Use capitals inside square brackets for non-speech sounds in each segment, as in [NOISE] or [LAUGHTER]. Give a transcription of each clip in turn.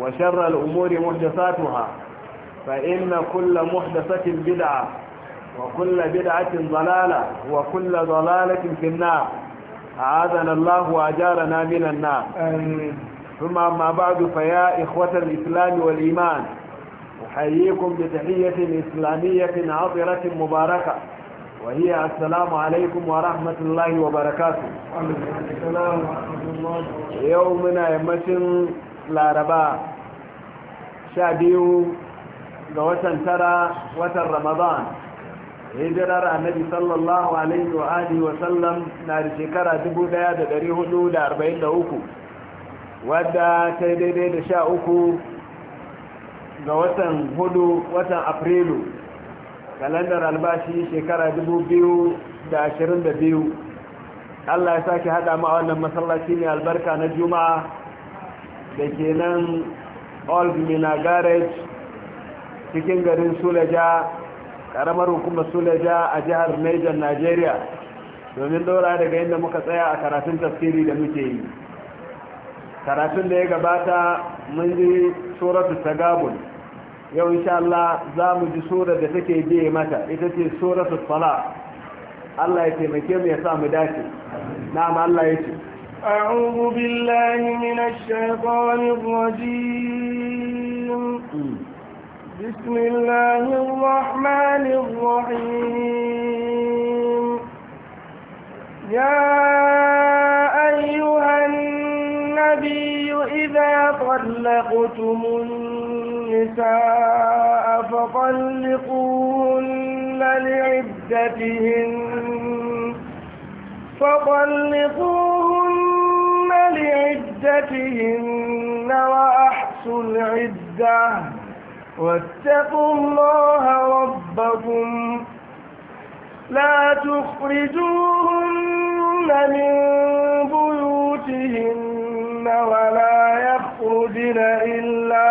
وشر الأمور محدثاتها فإن كل محدثة بدعة وكل بدعة ضلالة وكل ضلالة في النار أعاذنا الله وأجارنا من النار ثم ما بعد فيا إخوة الإسلام والإيمان أحييكم بتحية إسلامية عطرة مباركة وهي السلام عليكم ورحمة الله وبركاته السلام ورحمة الله يومنا يمشن laraba sha biyu ga watan tara watan ramadan hijirar annabi sallallahu alaihi wa alihi wa sallam na da shekara 1443 wadda ta yi daidai da sha uku ga watan hudu watan afrilu kalandar albashi shekara 2022 Allah ya sake hada ma wannan masallaci ne albarka na juma'a da ke nan old mina garage cikin garin suleja karamar hukumar suleja a jihar major nigeria domin daura daga inda muka tsaya a karatun tafsiri da muke yi karatun da ya gabata mun ji ta tagabun yau insha Allah za mu ji sura da take biye mata ita ce suratu Fala Allah ya taimake mu ya sa mu dace na'am Allah ya ce أعوذ بالله من الشيطان الرجيم بسم الله الرحمن الرحيم يا أيها النبي إذا طلقتم النساء فطلقوهن لعدتهن فطلقوهن لعدتهن وأحسوا العدة واتقوا الله ربكم لا تخرجوهن من بيوتهن ولا يخرجن إلا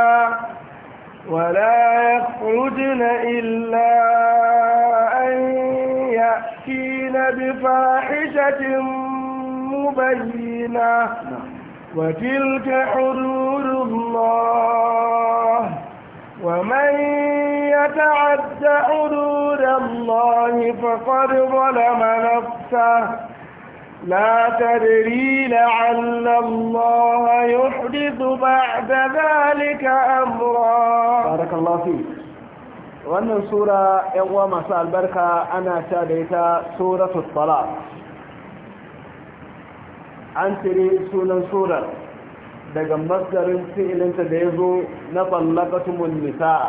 ولا يخرجن إلا أن يأتين بفاحشة مبينة وتلك حدود الله ومن يتعد حدود الله فقد ظلم نفسه لا تدري لعل الله يحدث بعد ذلك أمرا بارك الله فيك wannan sura yan uwa masu albarka ana ta da ita suratul talaq an tire sunan surar daga masdarin fi'ilinta da ya zo na tsallakatumul nisa'a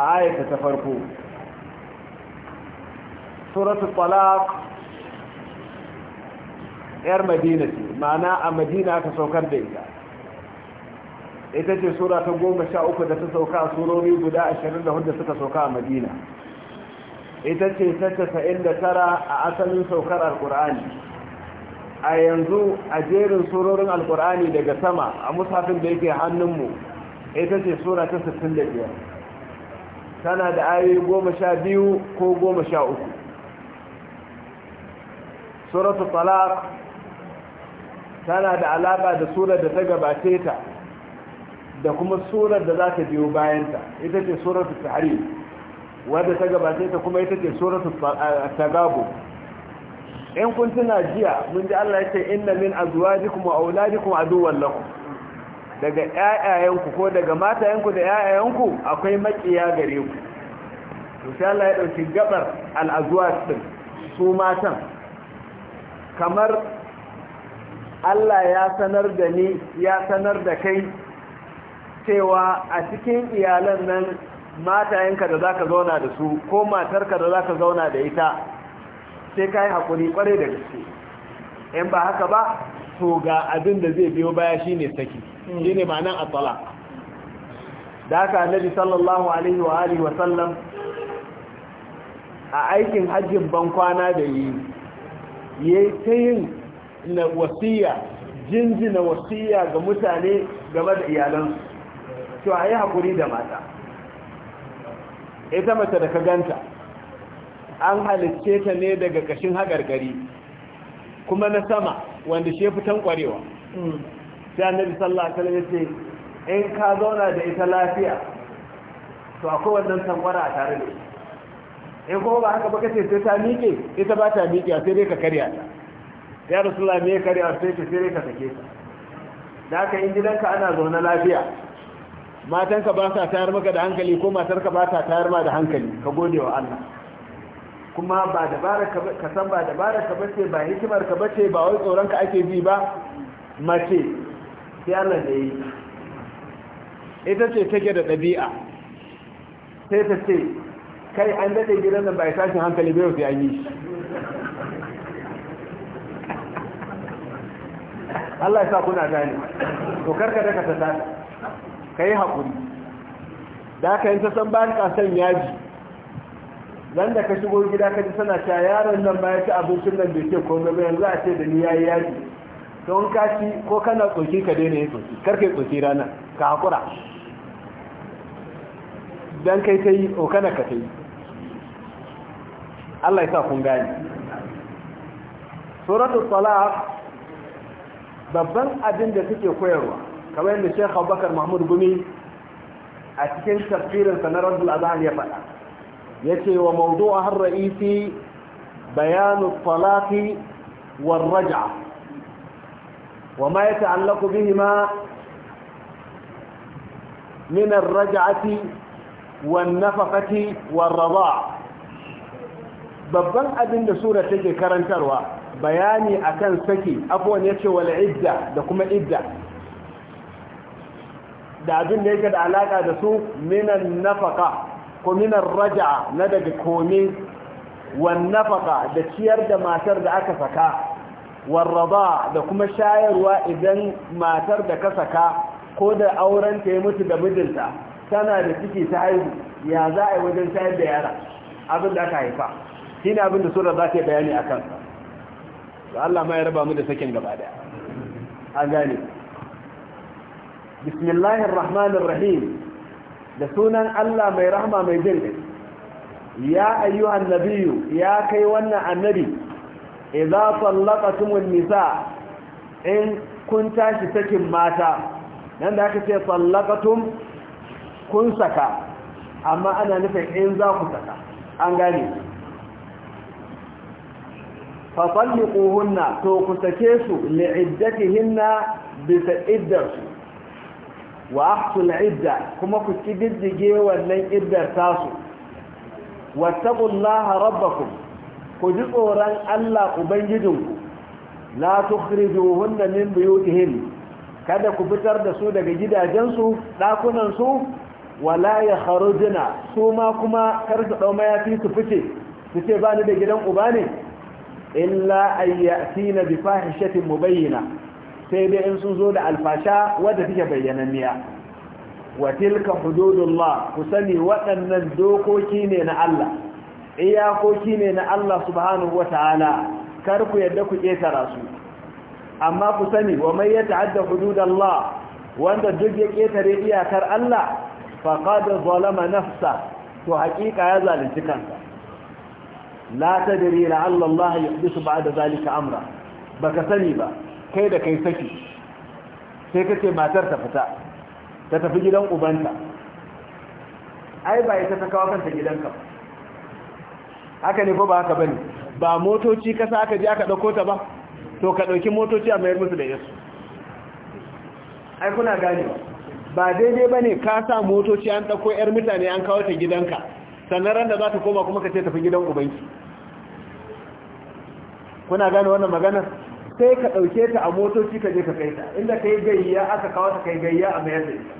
a ayata ta farko suratu talaq yar madina ce ma'ana a madina ka saukar da ita ita ce sura ta goma sha uku da ta sauka a surori guda ashirin da hudu suka sauka a madina ita ce ta casa'in da tara a asalin saukar alkur'ani a yanzu a jerin surorin alkur'ani daga sama a musafin da yake hannunmu ita ce sura ta sittin da biyar tana da ayoyi goma sha biyu ko goma sha uku suratul talaq tana da alaƙa da surar da ta gabace ta da kuma surar da za ta biyo bayanta ita ce suratu tahrim wadda ta gabata ta kuma ita ce suratu tagabu in kun tuna jiya mun ji Allah ya ce inna min azwajikum wa auladikum aduwwan lakum daga ƴaƴayenku ko daga matayenku da ƴaƴayenku akwai makiya gare ku to sai Allah ya dauki gabar al-azwaj din su matan kamar Allah ya sanar da ni ya sanar da kai cewa a cikin iyalan nan matayenka da za ka zauna da su ko matarka da za ka zauna da ita sai ka yi haƙuri kware da gaske in ba haka ba to ga abin da zai biyo baya shine saki shine ma'anan a tsala. da aka annabi sallallahu alaihi wa alihi wa a aikin hajjin bankwana da yi yayi ta yin na wasiya jinjina wasiya ga mutane game da iyalansu cewa a yi haƙuri da mata ita mace da ka ganta an halicce ta ne daga ƙashin haƙarƙari kuma na sama wanda shi fitan ƙwarewa hmm. sai annabi sallallahu alaihi wasallam ce in ka zauna da ita lafiya to akwai wannan tankwara a tare da in kuma ba haka baka ce sai ta miƙe ita ba ta miƙe sai dai ka karya ta ya rasu me karya sai ta sai dai ka sake ta da haka in gidanka ana zaune lafiya matanka ba sa tayar maka da hankali ko matarka ba sa tayar ma da hankali ka gode wa Allah kuma ba dabara ka san ba dabara ka bace ba hikimar ka bace ba wai tsoron ka ake bi ba mace sai Allah da yi ita ce take da ɗabi'a sai ta ce kai an dade gidan nan ba ya tashi hankali bai sai an yi shi Allah ya sa kuna gani, to karka da ka ta ka yi haƙuri da aka yi ta san bayan ƙasan yaji nan da ka shigo gida ka ji sana cewa yaron nan ba ya ci abincin nan bai ce komai bayan yanzu a ce da ni ya yi yaji Ta ka ci ko kana tsoki ka daina yi tsoki kar ka yi tsoki rana ka haƙura don kai ta yi o kana ka ta yi Allah ya sa kun gani suratul talaq babban abin da suke koyarwa kamar yadda Sheikh bakar Mahmud Gumi a cikin tafsirin na Raddul Azhan ya faɗa yace wa mawdu'a har ra'isi bayanu talaqi wal raj'a wa ma yata'allaqu bihima min ar-raj'ati wan nafaqati war radaa babban abin da sura take karantarwa bayani akan saki afwan yace wal idda da kuma idda da abin da yake da alaka da su minan nafaka ko minan raja'a na daga komi wan nafaka da ciyar da matar da aka saka warraba da kuma shayarwa idan matar da ka saka ko da auren ta yi mutu da mijinta tana da ciki ta haihu ya za a yi wajen shayar da yara abin da aka haifa shi ne abin da sura za ta yi bayani a kansa Allah ma ya raba mu da sakin gaba daya an gane bismillahir rahmanir rahim da sunan Allah mai rahma mai jin ya ayyuhan nabiyyu ya kai wannan annabi idza sallaqatumun nisa in kun tashi sakin mata nan da aka ce sallaqatum kun saka amma ana nufin in za ku saka an gane fa salliquhunna to ku sake su li'iddatihinna bisa iddarsu wa ahsul idda kuma ku kididdige wannan iddar tasu wattaqullaha rabbakum ku ji tsoron Allah ubangijinku la tukhrijuhunna min buyutihin kada ku fitar da su daga gidajensu dakunan su wala yakhrujna su ma kuma kar su dau mayafi su fice su ce ba ni da gidan uba ne illa ayyatina bi fahishatin mubayyana sai dai in sun zo da alfasha wadda take miya. wa tilka hududullah ku sani waɗannan dokoki ne na Allah iyakoki ne na Allah subhanahu wataala kar ku yadda ku ketara su amma ku sani wa man yata'adda hududallah wanda duk ya ƙetare iyakar Allah faqad zalama nafsa to haƙiƙa ya zalunci kansa la tadri la Allah yuhdisu ba'da zalika amra baka sani ba kai da kai saki sai kace matar ta fita ta tafi gidan ubanta ai ba ita ta kawo kanta gidanka haka ne ko ba haka bane ba motoci kasa aka je aka dauko ta ba to ka dauki motoci a mayar musu da yasu ai kuna gane ba daidai bane ka sa motoci an dauko yar mutane an kawo ta gidanka sannan ran da za ta koma kuma ka ce tafi gidan ubanki kuna gane wannan maganar sai ka ɗauke ta a motoci ka je ka kai ta inda ka yi gayya aka kawo ta kai gayya a mayar da ita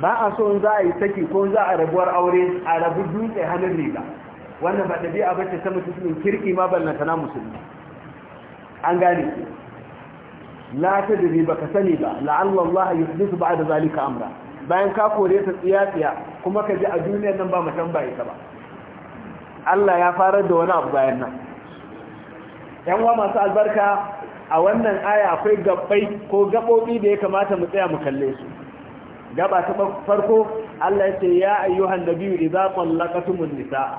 ba a so za a yi saki ko za a rabuwar aure a rabu dutse hannun riga wannan ba ɗabi'a a bace ta kirki ma ba na musulmi an gane la ta dubi ba ka sani ba la'alla Allah ya yuhdithu da zalika amra bayan ka kore ta tsiya tsiya kuma ka ji a duniyar nan ba mu tambaye ta ba Allah ya farar da wani abu bayan nan yan wa masu albarka a wannan aya akwai gabbai ko gabobi da ya kamata mu tsaya mu kalle su gaba ta farko Allah ya ce ya ayyuhan nabiyyu idza tallaqatumun nisa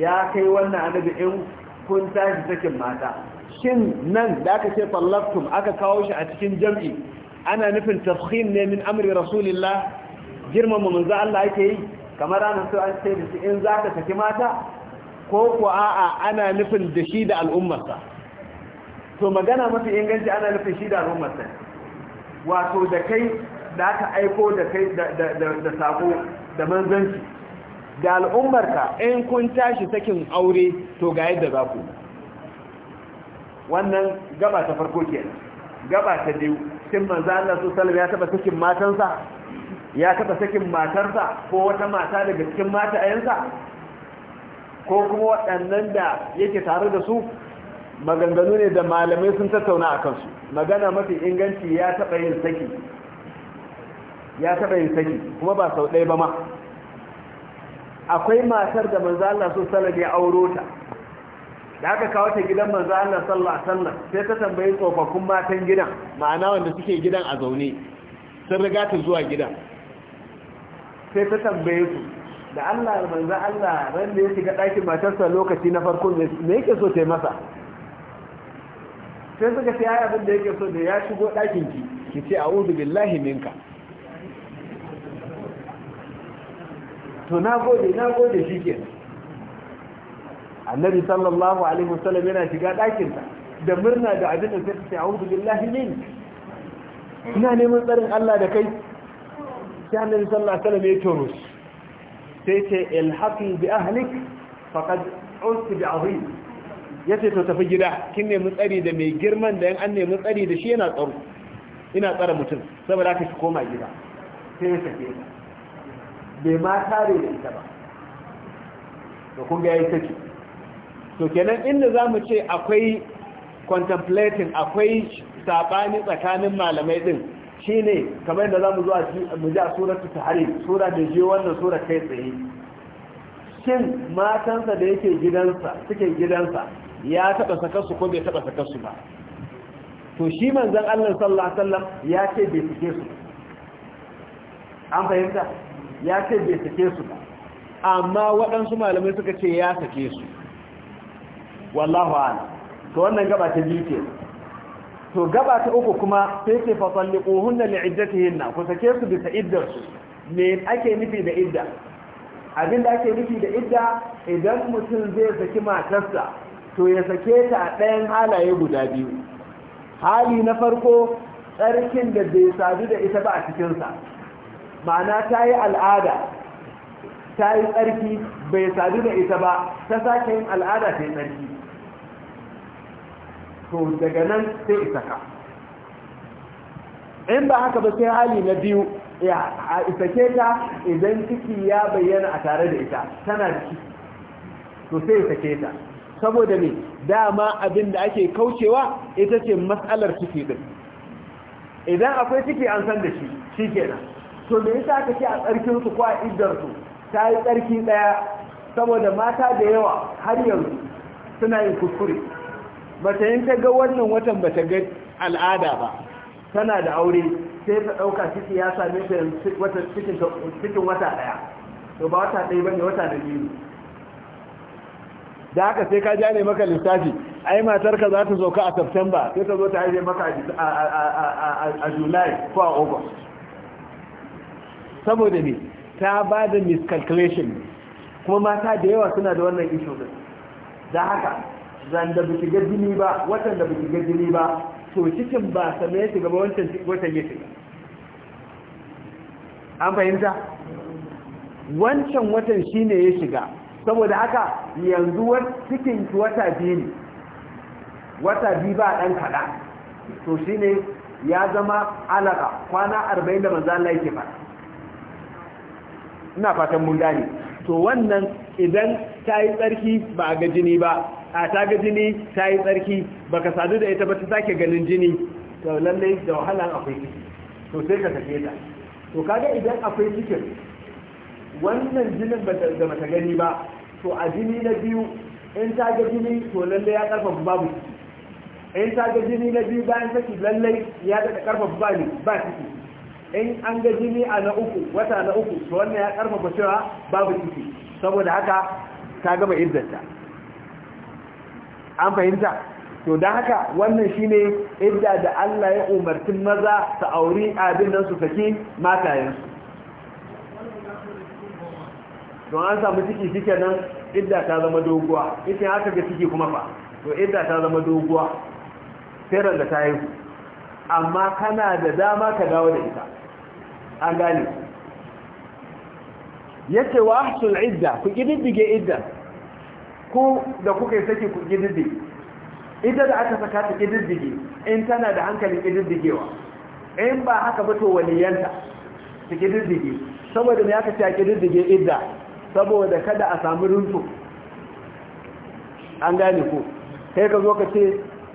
ya kai wannan annabi in kun tashi sakin mata shin nan da aka ce tallaqtum aka kawo shi a cikin jam'i ana nufin tafkhim ne min amri rasulillah girmama manzo Allah yake yi kamar ranar so an ce da in zaka saki mata ko ko a'a ana nufin da shi da al'ummarsa to magana mafi inganci ana nufin shi da al'ummarsa wato da kai da aka aiko da kai da sako da manzanci da al'ummarka in kun tashi sakin aure to ga yadda za ku wannan gaba ta farko ke gaba ta biyu shin manza Allah su salama ya taba sakin matansa ya taba sakin matarsa ko wata mata daga cikin mata ayansa ko kuma waɗannan da yake tare da su maganganu ne da malamai sun tattauna a kansu magana mafi inganci ya taɓa yin saki ya taɓa yin saki kuma ba sau ɗaya ba ma akwai matar da manzo Allah so sallallahu ya auro ta da aka kawo ta gidan manzo Allah sallallahu alaihi wasallam sai ta tambayi tsofaffin matan gidan ma'ana wanda suke gidan a zaune sun riga ta zuwa gidan sai ta tambaye su da Allah manzan Allah ran da ya shiga ɗakin matarsa lokaci na farkon me yake so ta yi masa sai suka ce ai abin da yake so da ya shigo ɗakin ki ki ce a a'udhu billahi minka to na gode na gode shi ke annabi sallallahu alaihi wasallam yana shiga ɗakin ta da murna da abin da sai ce a'udhu billahi minka ina neman tsarin Allah da kai sai annabi sallallahu alaihi wasallam ya toro shi sai ce ilhaqi bi ahlik faqad usti bi azim yace to tafi gida kin nemi tsari da mai girman da yan an nemi tsari da shi yana tsaro ina tsara mutum saboda haka ki koma gida sai ya tafi bai ma tare da ita ba to kun ga yayi take to kenan inda zamu ce akwai contemplating akwai sabani tsakanin malamai din shine kamar yadda zamu zuwa mu ji a suratul tahrim sura da je wannan sura kai tsaye shin matansa da yake gidansa suke gidansa ya taba saka su ko bai taba saka su ba to shi manzon Allah sallallahu alaihi wasallam ya ce bai sake su an fahimta ya ce bai sake su ba amma waɗansu malamai suka ce ya sake su wallahu a'lam to wannan gaba ta biyu to gaba ta uku kuma sai ce fa talliquhunna li'iddatihinna ku sake su bisa iddarsu me ake nufi da idda abin da ake nufi da idda idan mutum zai saki matarsa to ya sake ta a ɗayan halaye guda biyu hali na farko tsarkin da bai sadu da ita ba a cikinsa ma'ana ta yi al'ada ta yi tsarki bai sadu da ita ba ta sake yin al'ada ta yi tsarki to daga nan sai isa ka in ba haka ba sai hali na biyu ya a isake ta idan ciki ya bayyana a tare da ita tana da ciki to sai isake ta saboda ne dama abin da ake kaucewa ita ce matsalar ciki din idan akwai ciki an san da shi shi kenan to me yasa aka ce a tsarkin su ko a iddar su ta yi tsarki daya saboda mata da yawa har yanzu suna yin kuskure ba ta ta ga wannan watan ba ta ga al'ada ba tana da aure sai ta ɗauka ciki ya same ta cikin wata ɗaya to ba wata ɗaya ba ne wata da biyu da haka sai ka ja ne maka lissafi ai matarka za ta zo ka a september sai ta zo ta haife maka a july ko a august saboda ne ta ba da miscalculation kuma mata da yawa suna da wannan issue da haka zanda ba shiga jini ba watan da ba shiga jini ba to cikin ba same ya shiga ba wancan watan ya shiga an fahimta wancan watan shine ya shiga saboda haka yanzu cikin wata biyu ne wata biyu ba dan kaɗan to shine ya zama alaka kwana arba'in da manzo Allah yake ba ina fatan mun gane to wannan idan ta yi tsarki ba a ga jini ba a ta ga jini ta yi tsarki ba ka sadu da ita ba ta sake ganin jini to lallai da wahalan akwai ciki to sai ka tafiye ta to kaga idan akwai cikin wannan jinin da mata gani ba to a jini na biyu in ta ga jini to lallai ya karfafa babu ciki in ta ga jini na biyu bayan saki lallai ya daga karfafa ba ne ba ciki in an ga jini a na uku wata na uku to wannan ya karfafa cewa babu ciki saboda haka ta gama iddanta an fahimta to don haka wannan shine idda da Allah ya umarci maza su auri abin nan su saki matayensu don an samu ciki shi nan idda ta zama doguwa ita haka ga ciki kuma fa to idda ta zama doguwa sai da ta yi amma kana da dama ka dawo da ita an gane yace wa ahsul idda ku kididdige idda ku da kuka yi saki ku gididdige ita da aka saka ta gididdige in tana da hankalin gididdigewa in ba haka ba to waliyanta ta gididdige saboda ne aka ce a gididdige idda saboda kada a samu runtu an gane ko kai ka zo ka ce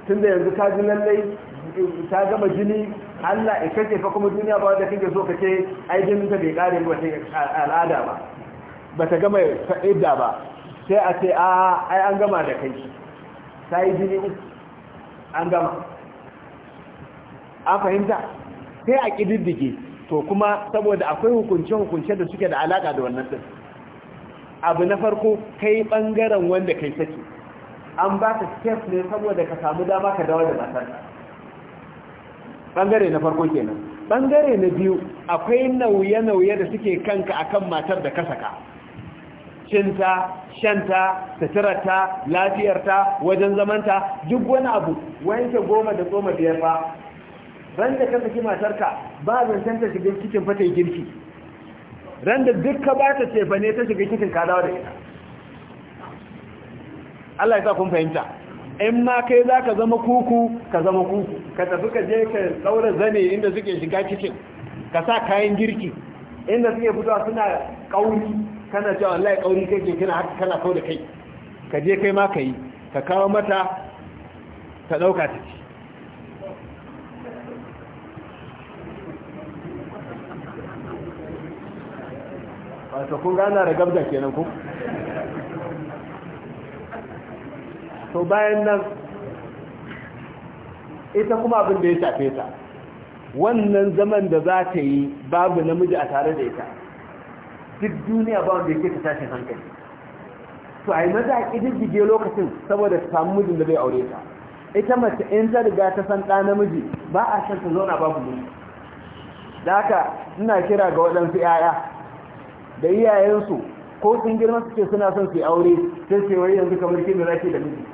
tun da yanzu ka ji lallai ta gama jini Allah ya kace fa kuma duniya ba da kake so kace ai jinin ta bai kare ba sai al'ada ba ba ta gama idda ba sai a ce a ai an gama da kai ta yi jini uku an gama an fahimta sai a ƙididdige to kuma saboda akwai hukunce-hukunce da suke da alaƙa da wannan ɗin abu na farko kai ɓangaren wanda kai saki an ba ka step ne saboda ka samu dama ka dawo da matar ɓangare na farko kenan ɓangare na biyu akwai nauye-nauye da suke kanka akan matar da ka saka cinta shanta suturarta lafiyarta wajen zamanta duk wani abu wanke goma da goma biyar ba ran da ka saki matarka ba zancen ta shiga cikin fata girki ran da duk ka ba ta cefa ne ta shiga cikin kadawa da ita Allah ya sa kun fahimta in ma kai za ka zama kuku ka zama kuku ka tafi ka je ka saura zane inda suke shiga cikin ka sa kayan girki inda suke fitowa suna kauri kana cewa wallahi kauri kake kina haka kana kawo da kai ka je kai ma kai ka kawo mata ta dauka ta ci wato kun gana da gabda kenan ku to bayan nan ita kuma abin da ya shafe ta wannan zaman da za ta yi babu namiji a tare da ita duk duniya ba wanda yake ta tashin hankali to ai maza a ƙididdige lokacin saboda ta samu mijin da bai aure ta ita mace in ta riga ta san ɗa namiji ba a shan ta zauna babu miji da haka ina kira ga waɗansu 'ya'ya da iyayensu ko sun girma suke suna son su yi aure sai ce wai yanzu kamar kin da zaki da miji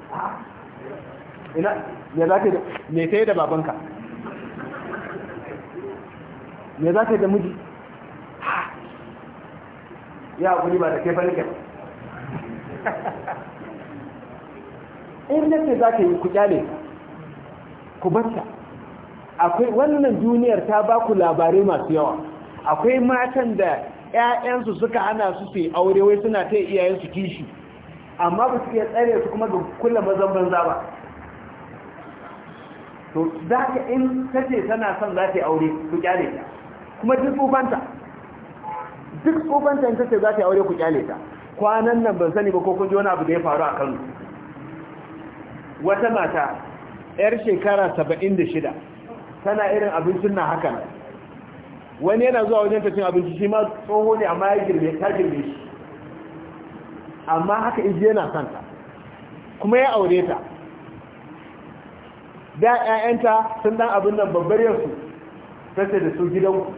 ina ya zaka da me sai da babanka me zaka da miji ya hakuri ba da kai In in nace za ka yi ku kyale ku barta akwai wannan duniyar ta ba ku labarai masu yawa akwai matan da 'ya'yansu suka hana su su aure wai suna ta iyayensu kishi amma ba su iya tsare su kuma ga kula mazan banza ba to za ka in kace tana son za ta yi aure ku kyale ta kuma duk banta duk tsofanta ta ce za ta aure ku kyale ta kwanan nan ban sani ba ko kun ji wani abu da ya faru a kano wata mata yar shekara saba'in da shida tana irin abincin na ne. wani yana zuwa wajen ta cin abinci shi ma tsoho ne amma ya girme ta girme shi amma haka iji yana santa kuma ya aure ta da 'ya'yanta sun dan abin nan babbar yansu tace da su gidanku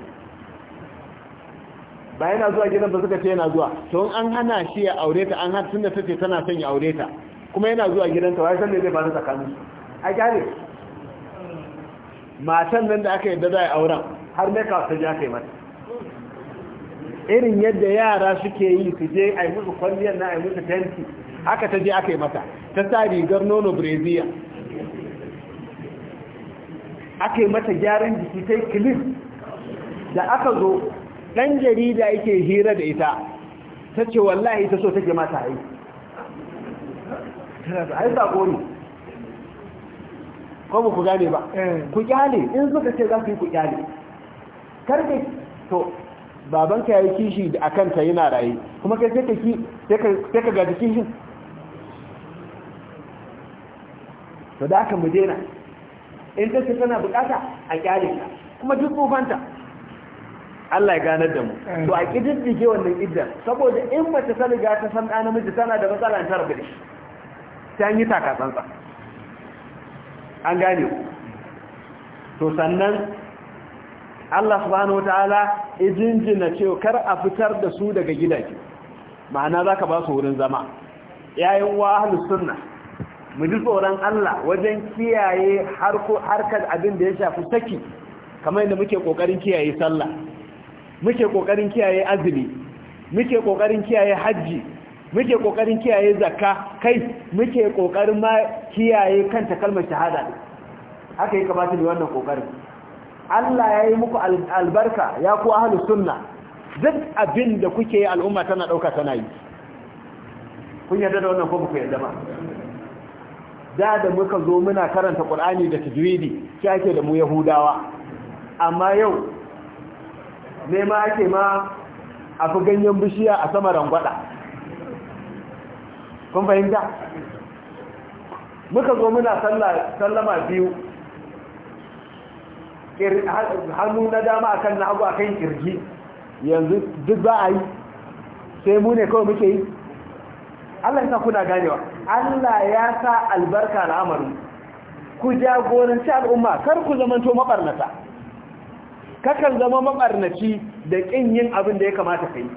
ba yana zuwa gidan ba suka ce yana zuwa to an hana shi ya aure ta an hana tunda tace tana son ya aure ta kuma yana zuwa gidan ta wai san me zai faru tsakanin a gare matan nan da aka yadda za a yi auren har ne kawo ta ji aka yi mata irin yadda yara suke yi su je a yi musu kwalliyar na a yi musu tenti haka ta je aka yi mata ta sa rigar nono breziya aka yi mata gyaran jiki ta yi kilif da aka zo ɗan jarida yake hira da ita ta ce wallahi ta so take mata aiki ai sako ne ko ba ku gane ba eh. ku kyale in suka ce za ku yi ku kyale karfe to babanka ya yi kishi a ta yana raye kuma kai sai ka gaji kishin to da aka mu dena in ta ce tana bukata a kyale kuma duk tsofanta Allah ya ganar da mu to a kididdige wannan idda saboda in mace ta riga ta san ɗan namiji tana da matsala ta rabu ta yi taka tsantsa an gane to sannan Allah subhanahu wataala jinjina cewa kar a fitar da su daga gidaje ma'ana zaka ba su wurin zama yayin wa ahli sunna mu ji tsoron Allah wajen kiyaye harkar abin da ya shafi saki kamar yadda muke kokarin kiyaye sallah muke kokarin kiyaye azumi muke kokarin kiyaye hajji muke kokarin kiyaye zakka kai muke kokarin ma kiyaye kanta kalmar shahada haka yake kamata ne wannan kokarin Allah ya yi muku albarka ya ku ahlus sunna duk abin da kuke yi al'umma tana dauka tana yi kun yarda da wannan ko kuke yarda ba da da muka zo muna karanta Qur'ani da tajwidi shi ake da mu Yahudawa amma yau nema ake ma a fi ganyen bishiya a sama rangwada kun fahimta muka zo muna sallama biyu hannu na dama akan na hagu akan kirji yanzu duk za a yi sai mu ne kawai muke yi Allah ya sa kuna ganewa Allah ya sa albarka al'amari ku jagoranci al'umma kar ku zamanto mabarnata kakan zama mabarnaci da ƙin yin abin da ya kamata ka yi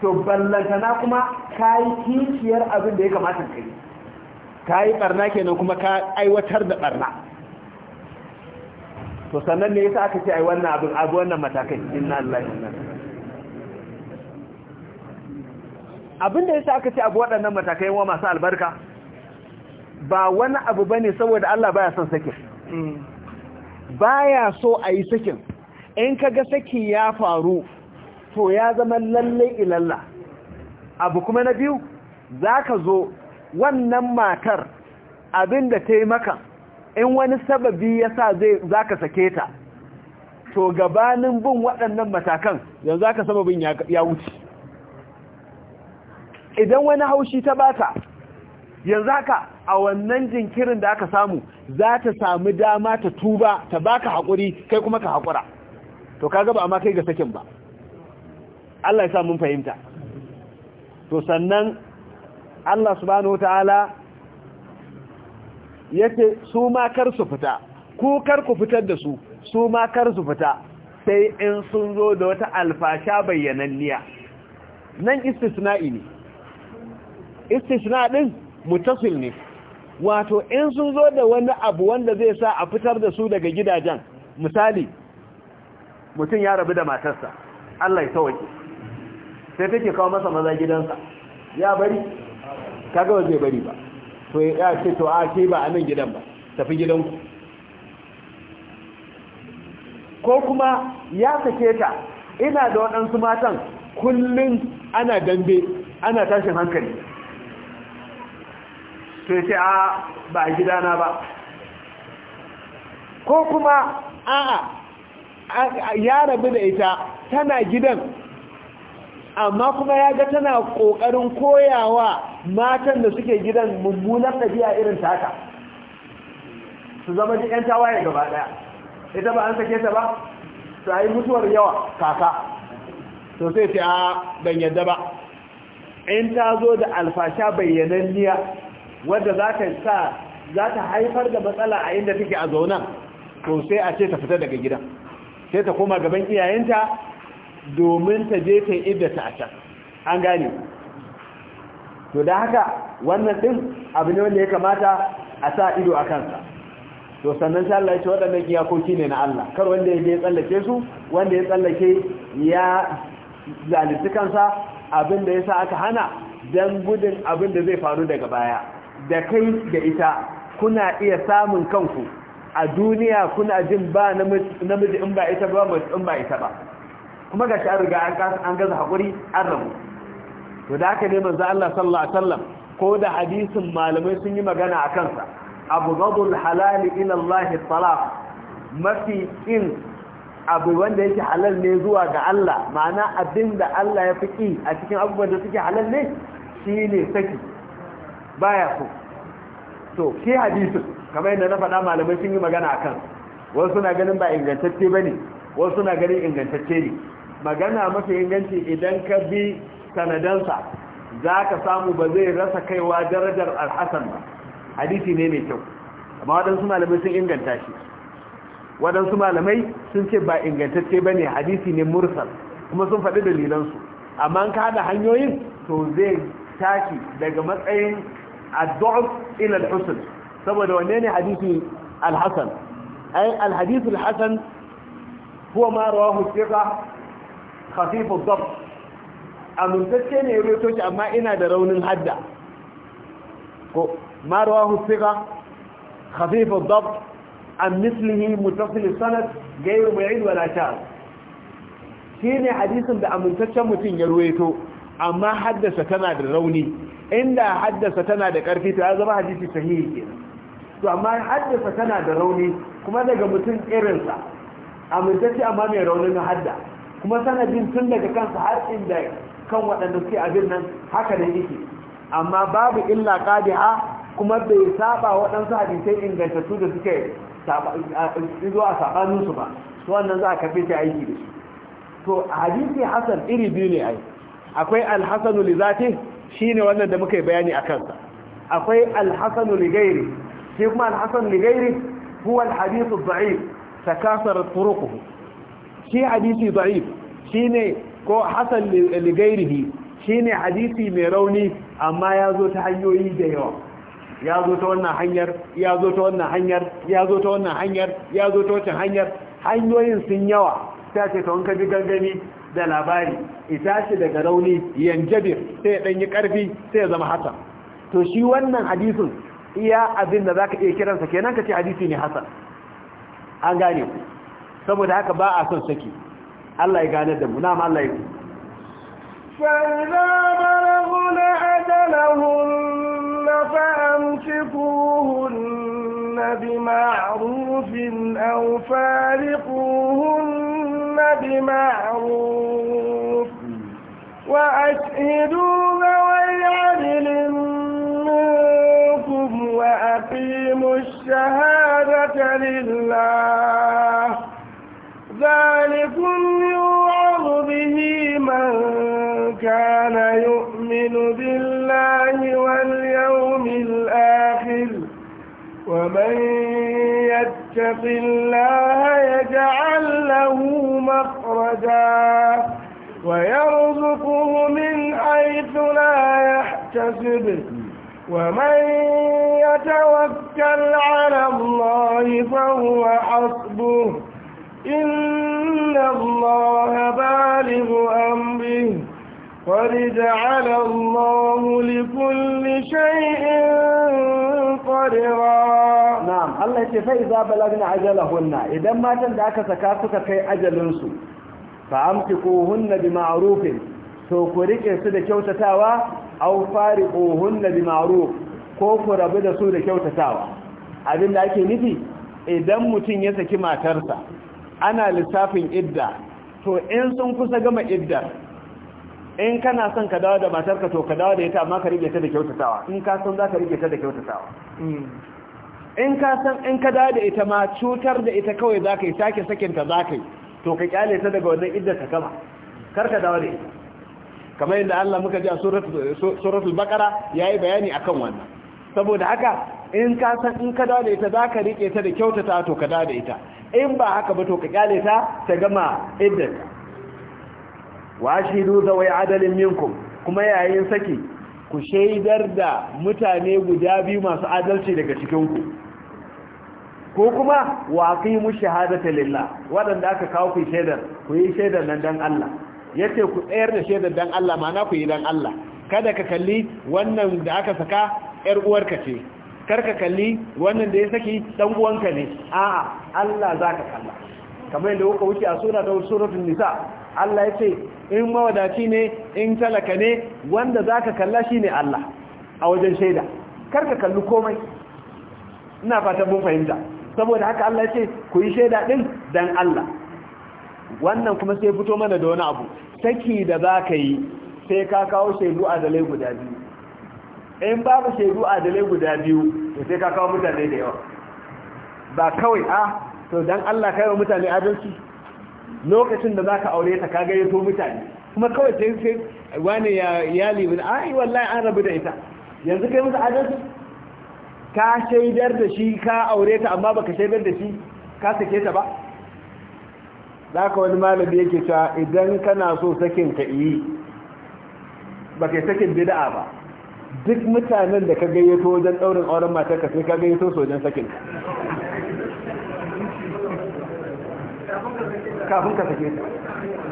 to ballantana kuma ka yi kiciyar abin da ya kamata ka yi barna yi kenan kuma ka aiwatar da ɓarna to sannan ne yasa aka ce ai wannan abin abu wannan matakai inna Allah abin da yasa aka ce abu waɗannan matakai wa masu albarka ba wani abu bane saboda Allah baya son sake mm. baya so a yi sakin in ka ga saki ya faru to ya zama lallai ilalla abu kuma na biyu za ka zo wannan matar abin da ta yi maka in wani sababi ya sa za ka sake ta to gabanin bin waɗannan matakan yanzu aka sababin ya wuce idan wani haushi ta bata yanzu haka a wannan jinkirin da aka samu za ta sami dama ta tuba ta baka haƙuri kai kuma ka haƙura to kaga ba amma kai ga sakin ba Allah ya sa mun fahimta to sannan Allah subhanahu wataala yace su ma kar su fita ku kar ku fitar da su su ma kar su fita sai in sun zo da wata alfasha bayyananniya nan istisna'i ne istishna din mutasil ne wato in sun zo da wani abu wanda zai sa a fitar da su daga gidajen misali mutum ya rabu da matarsa Allah ya sauke sai take kawo masa maza gidansa ya bari kaga ba zai bari ba to ya ce to a ke ba a nan gidan ba tafi gidanku ko kuma ya sake ta ina da waɗansu matan kullum ana dambe ana tashin hankali to ya a ba gidana ba ko kuma a'a ya rabu da ita tana gidan amma kuma ya ga tana ƙoƙarin koyawa matan da suke gidan mummunan ɗabi'a irin taka su zama ji 'yan tawaye gaba ɗaya ita ba an sake ta ba su yi mutuwar yawa kaka to sai ta ban yadda ba in ta zo da alfasha bayyananniya Wanda za ta sa za ta haifar da matsala a inda take a zauna, to sai a ce ta fita daga gidan sai ta koma gaban iyayenta domin ta je ta idda ta a an gane to da haka wannan din abu ne wanda ya kamata a sa ido a kansa to sannan sai Allah ya ce waɗannan iyakoki ne na Allah kar wanda ya tsallake su wanda ya tsallake ya zalunci kansa abin da ya sa aka hana don gudun abin da zai faru daga baya da kai da ita kuna iya samun kanku a duniya kuna jin ba namiji in ba ita ba mace in ba ita ba kuma ga an riga an gaza hakuri an rabu to da haka ne manzo Allah sallallahu alaihi wasallam ko da hadisin malamai sun yi magana a kansa abu halali ila Allah talaq mafi in abu wanda yake halal ne zuwa ga Allah ma'ana abinda Allah ya fiki a cikin abubuwan da suke halal ne shine saki baya so to shi hadisin kamar yadda na faɗa malamai sun yi magana a kan wasu na ganin ba ingantacce ba ne wasu na ganin ingantacce ne magana mafi inganci idan ka bi sanadansa za ka samu ba zai rasa kaiwa darajar alhassan ba hadisi ne mai kyau amma waɗansu malamai sun inganta shi waɗansu malamai sun ce ba ingantacce ba ne hadisi ne mursal kuma sun faɗi dalilansu amma ka haɗa hanyoyin to zai tashi daga matsayin الضعف إلى الحسن طب ودواناني حديث الحسن أي الحديث الحسن هو ما رواه الثقة خفيف الضبط أمن تتكين يريدوك أما إنا درون الحدى ما رواه الثقة خفيف الضبط عن مثله متصل السند غير بعيد ولا شار كيني حديث بأمن تتكين يريدوك أما حدث كما دروني inda haddasa tana da ƙarfi ta zama hadisi sahihi ke to amma haddasa tana da rauni kuma daga mutum irinsa amintacce amma mai raunin hadda kuma sanadin tun daga kansa har inda kan waɗanda suke abin nan haka da yake amma babu illa qadiha kuma bai saba waɗansu hadisai ingantattu da suke zuwa a ba su wannan za a kafe ta aiki da shi to hadisi hasan iri biyu ne ai akwai alhassanu li Shi ne wannan da muka yi bayani a kansa akwai alhassanu ligairi shi kuma alhassan ligairi huwa alhadisu ta kasar turuquhu shi hadisi shi ne ko hasan ligairihi ne hadisi mai rauni amma ya zo ta hanyoyi da yawa ya zo ta wannan hanyar ya zo ta wannan hanyar ya zo ta wannan hanyar ya zo ta wancan hanyar hanyoyin sun yawa ta ce ta wanka ji gangami da labari ita shi daga rauni yanjabir sai dan yi karfi sai ya zama hasan to shi wannan hadisin iya abin da zaka iya kiransa kenan kace hadisi ne hasan an gane ku saboda haka ba a son saki Allah ya gane da mu na ma Allah ya ku بمعروف أو فارقوهن بمعروف وأشهدوا ذوي عدل منكم وأقيموا الشهادة لله ذلكم يوعظ به من كان يؤمن بالله واليوم الآخر ومن يتق الله يجعل له مخرجا ويرزقه من حيث لا يحتسب ومن يتوكل على الله فهو حسبه إن الله بالغ أمره قد جعل الله لكل شيء قدرا نعم الله يتفى إذا بلغنا أجلهن إذا ما تندعك سكاتك كي أجلنسو ku فأمسكوهن بمعروف سوكوريك سيدة كوتا bi أو ko ku rabu da su da kyautatawa. abin da ake nufi idan mutum ya saki matarsa ana lissafin idda to in sun kusa gama iddar in kana son ka dawo da matarka to ka dawo da ita amma ka rike ta da kyautatawa in ka san za ka rike ta da kyautatawa in ka san in ka dawo da ita ma cutar da ita kawai za ka yi sake sakinta za ka yi to ka kyale ta daga wannan iddar ta kama karka dawo da ita kamar yadda Allah muka ji a suratul baqara yayi bayani akan wannan saboda haka in ka san in ka dawo da ita zaka rike ta da kyautata to ka dawo da ita in ba haka ba to ka kyale ta ta gama iddar wa zawai adalin minkum kuma yayin saki ku shaidar da mutane guda biyu masu adalci daga cikin ku ko kuma wa shahada ta lillah waɗanda aka kawo ku shaidar ku yi shaidar nan dan Allah yace ku tsayar da shaidar dan Allah ma'ana ku yi dan Allah kada ka kalli wannan da aka saka yar uwarka ce karka kalli wannan da ya saki dan uwanka ne a'a Allah za ka kalla kamar yadda kuka wuce a sura ta suratul nisa Allah yace in mawadaci ne in talaka ne wanda za ka kalla shine Allah a wajen shaida karka kalli komai ina fatan mun fahimta saboda haka Allah ce ku yi shaida din dan Allah wannan kuma sai fito mana da wani abu saki da za ka yi sai ka kawo shaidu dalai guda biyu in babu shaidu dalai guda biyu to sai ka kawo mutane da yawa ba kawai a ah, to dan Allah kai wa mutane adalci lokacin da zaka aure ta ka gayyato mutane kuma kawai sai sai wani ya ya wallahi an rabu da ita yanzu kai musu adalci ka shaidar da shi ka aure ta amma baka shaidar da shi ka sake ta ba Za ka wani malami yake cewa idan kana so sakin ka yi baka sakin bid'a ba duk mutanen da ka gayyato wajen daurin auren matar ka sai ka gayyato su wajen sakin ka kafin ka sake ta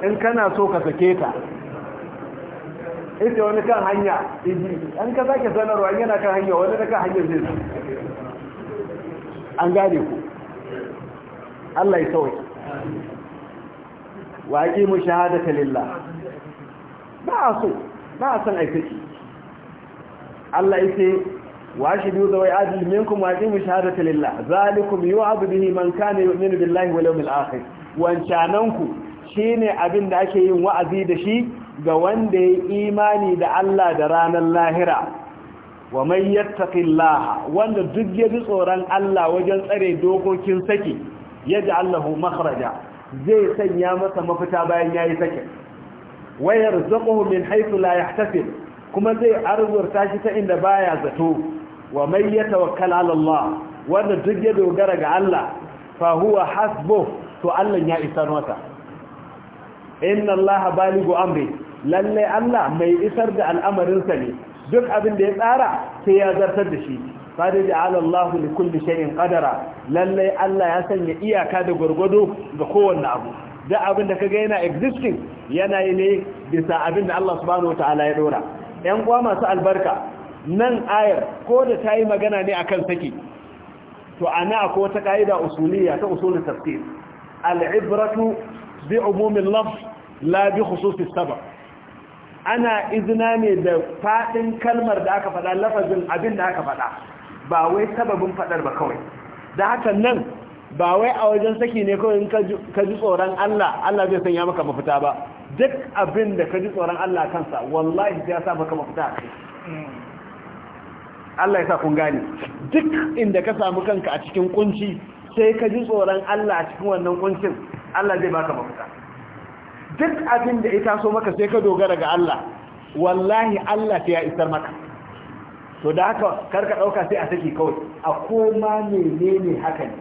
in kana so ka sake ta ita wani kan hanya an ka sake sanarwa yana kan hanya wani na kan hanyar zai an gane ku Allah ya sauki wa aqimu shahadata lillah ba so ba san aikaci Allah yake washidu zawai adil minkum wa aqimu shahadata lillah zalikum yu'abu bihi man kana yu'minu billahi wal yawmil akhir wancananku shine abin da ake yin wa'azi da shi ga wanda ya imani da Allah da ranar lahira wa mai Laha wanda duk ya ji tsoron Allah wajen tsare dokokin saki Allah Allahu makaraja zai sanya masa mafita bayan ya yi sakin Wayar yarzuquhu min haifu la tafi kuma zai arzurta shi ta inda baya zato wa mai ya tawakkal Allah wanda duk ya dogara ga Allah fa huwa to Allah ya isa masa inna Allah baligu amri lallai Allah mai isar da al'amarinsa ne duk abin da ya tsara sai ya zartar da shi sadai da alallahu li kulli shay'in qadara lallai Allah ya sanya iyaka da gwargwado ga kowanne abu da abin da kaga yana existing yana yi ne bisa abin da Allah subhanahu ya dora Yan uwa masu albarka nan ayar ko da ta yi magana ne a kan saki to ana ko ta kaida usuliyya ta usulul tafsir alibratu ibratu bi umumil lafz la bi sabab ana izina ne da faɗin kalmar da aka faɗa lafazin abin da aka faɗa ba wai sababin faɗar ba kawai da hakan nan ba wai a wajen saki ne kawai ka ji tsoron Allah Allah zai sanya maka mafita ba duk abin da ka ji tsoron Allah kansa wallahi sai ya sa maka mafita Allah ya sa kun gane duk inda ka samu kanka a cikin kunci sai ka ji tsoron Allah a cikin wannan kuncin Allah zai baka mafita duk abin da ita so maka sai ka dogara ga Allah wallahi Allah ta ya isar maka to da haka karka ɗauka sai a saki kawai a koma menene haka ne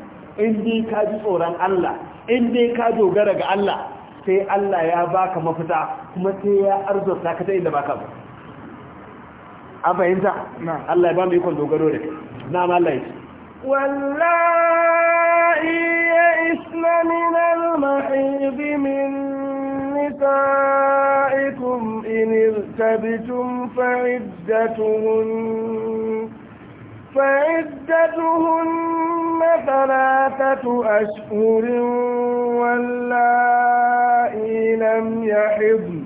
in dai ka ji tsoron Allah in dai ka dogara ga Allah sai Allah ya baka mafita kuma sai ya arzuta ka ta inda baka ba an fahimta Allah ya ba mu ikon dogaro da kai na ma Allah ya ce wallahi ya isma min al-mahib min نسائكم إن ارتبتم فعدتهن فعدتهن ثلاثة أشهر واللائي لم يحضن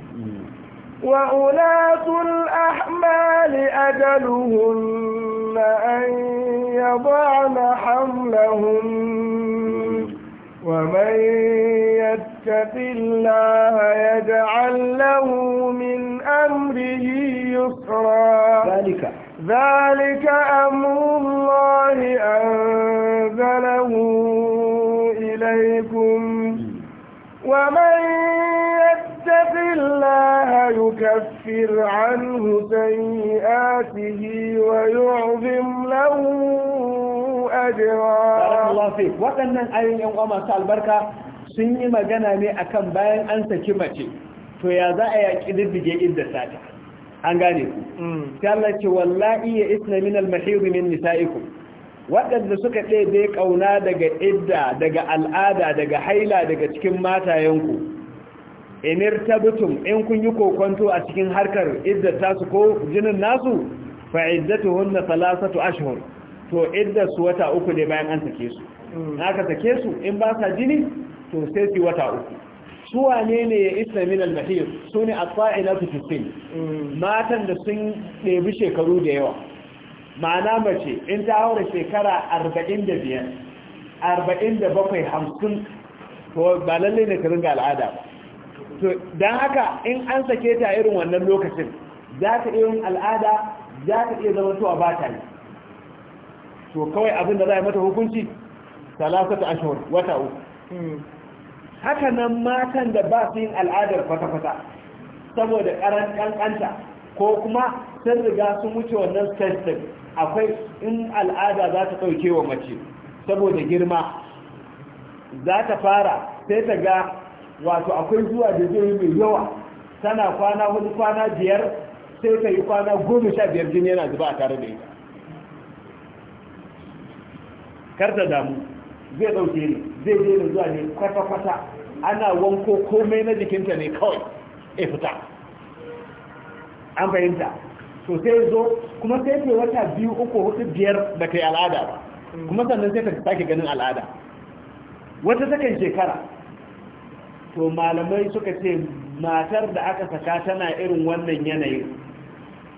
وأولاة الأحمال أجلهن أن يضعن حملهن ومن يتقن يتق الله يجعل له من أمره يسرا ذلك ذلك أمر الله أنزله إليكم ومن يتق الله يكفر عنه سيئاته ويعظم له أجرا بارك الله فيك وكأن أين يوم أمس البركة sun yi magana ne akan bayan an saki mace to ya za a yaƙi diddige inda sata an gane ku mm. sai wallahi ya isna min al-mahir min nisa'iku waɗanda suka ɗebe ƙauna daga idda daga al'ada daga haila daga cikin matayenku inir tabtum in kun yi kokonto a cikin harkar idda su ko jinin nasu fa hunna, thalathatu ashhur to idda su wata uku ne bayan an sake su haka mm. sake su in ba sa jini to sai fi wata uku su wane ne ya isa min al-mahir su ne a as su tisin matan da sun ɗebi shekaru da yawa ma'ana mace in ta haura shekara 45 47 hamsin to ba lalle ne ka ringa al'ada ba to don haka in an sake ta irin wannan lokacin za ka iya yin al'ada za ka iya zama tuwa ba ta ne to kawai abin da za a yi mata hukunci talatata ashhur wata uku hmm. haka nan matan da ba su yin al'adar kwata-kwata saboda karan kankanta ko kuma sun riga sun wuce wannan stage akwai in al'ada za ta ɗauke wa mace saboda girma za ta fara sai ta ga wato akwai zuwa da zai yi mai yawa tana kwana hudu kwana biyar sai ta yi kwana goma sha biyar jini yana zuba a tare da ita karta damu zai ɗauke ne zai zai zuwa ne kwata-kwata ana wanko komai na jikinta ne kawai ya fita an fahimta to sai zo kuma sai ke wata biyu uku hudu biyar da kai al'ada ba kuma sannan sai ka sake ganin al'ada wata sakan shekara to malamai suka ce matar da aka saka tana irin wannan yanayin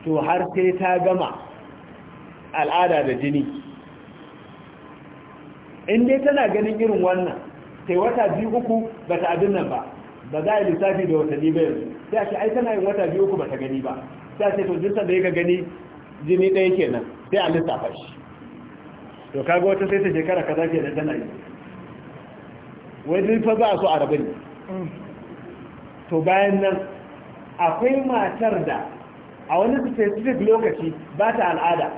to har sai ta gama al'ada da jini in dai tana ganin irin wannan sai wata biyu uku ba ta abin nan ba ba za a yi lissafi da watanni ba yanzu sai a ai tana yin wata biyu uku ba ta gani ba sai a to da ya gani jini ɗaya kenan sai a lissafa shi to kaga wata sai ta shekara kaza ke da tana yi wani fa ba a so a rabin to bayan nan akwai matar da a wani specific lokaci ba ta al'ada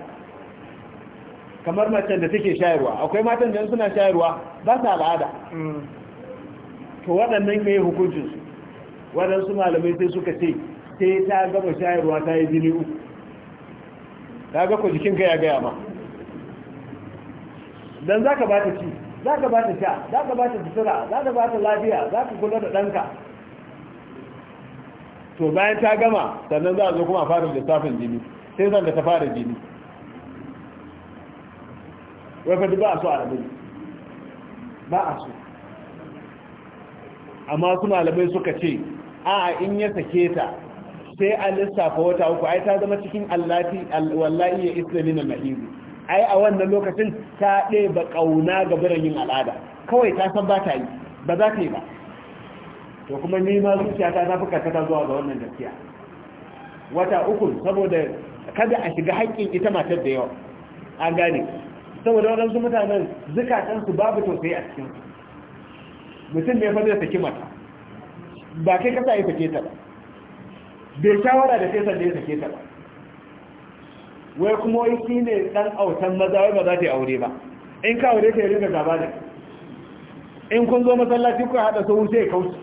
kamar macen da take shayarwa akwai matan da suna shayarwa ba su al'ada mm. to waɗannan ne hukuncinsu waɗansu malamai sai suka ce sai ta gama shayarwa ta yi jini uku ta ga ku jikinka ya gaya ma don za ka ba ta ci za ka ba ta sha za ka ba ta sutura za ka ba ta lafiya za ka kula da ɗanka to bayan ta gama sannan za a zo kuma fara lissafin jini sai zan da ta fara jini wafadu ba a so a ba a so amma su malamai suka ce a in ya sake ta sai a lissafa wata uku ai ta zama cikin allafi wallahi ya islami na mahizu ai a wannan lokacin ta ɗeba ƙauna ga biran yin al'ada kawai ta san ba ta yi ba za ta yi ba to kuma ni ma zuciya ta tafi karkata zuwa ga wannan gaskiya wata uku saboda kada a shiga haƙƙin ita matar da yawa an gane saboda waɗansu mutanen zukatansu babu tausayi a cikin mutum mai fadar zai saki mata ba kai kasa ya sake ta ba bai shawara da kai sanda ya sake ta ba wai kuma wai shi ne ɗan autan maza wai ba za ta yi aure ba in ka aure ta yi rinka gaba da in kun zo masallaci ku haɗa sau sai kauci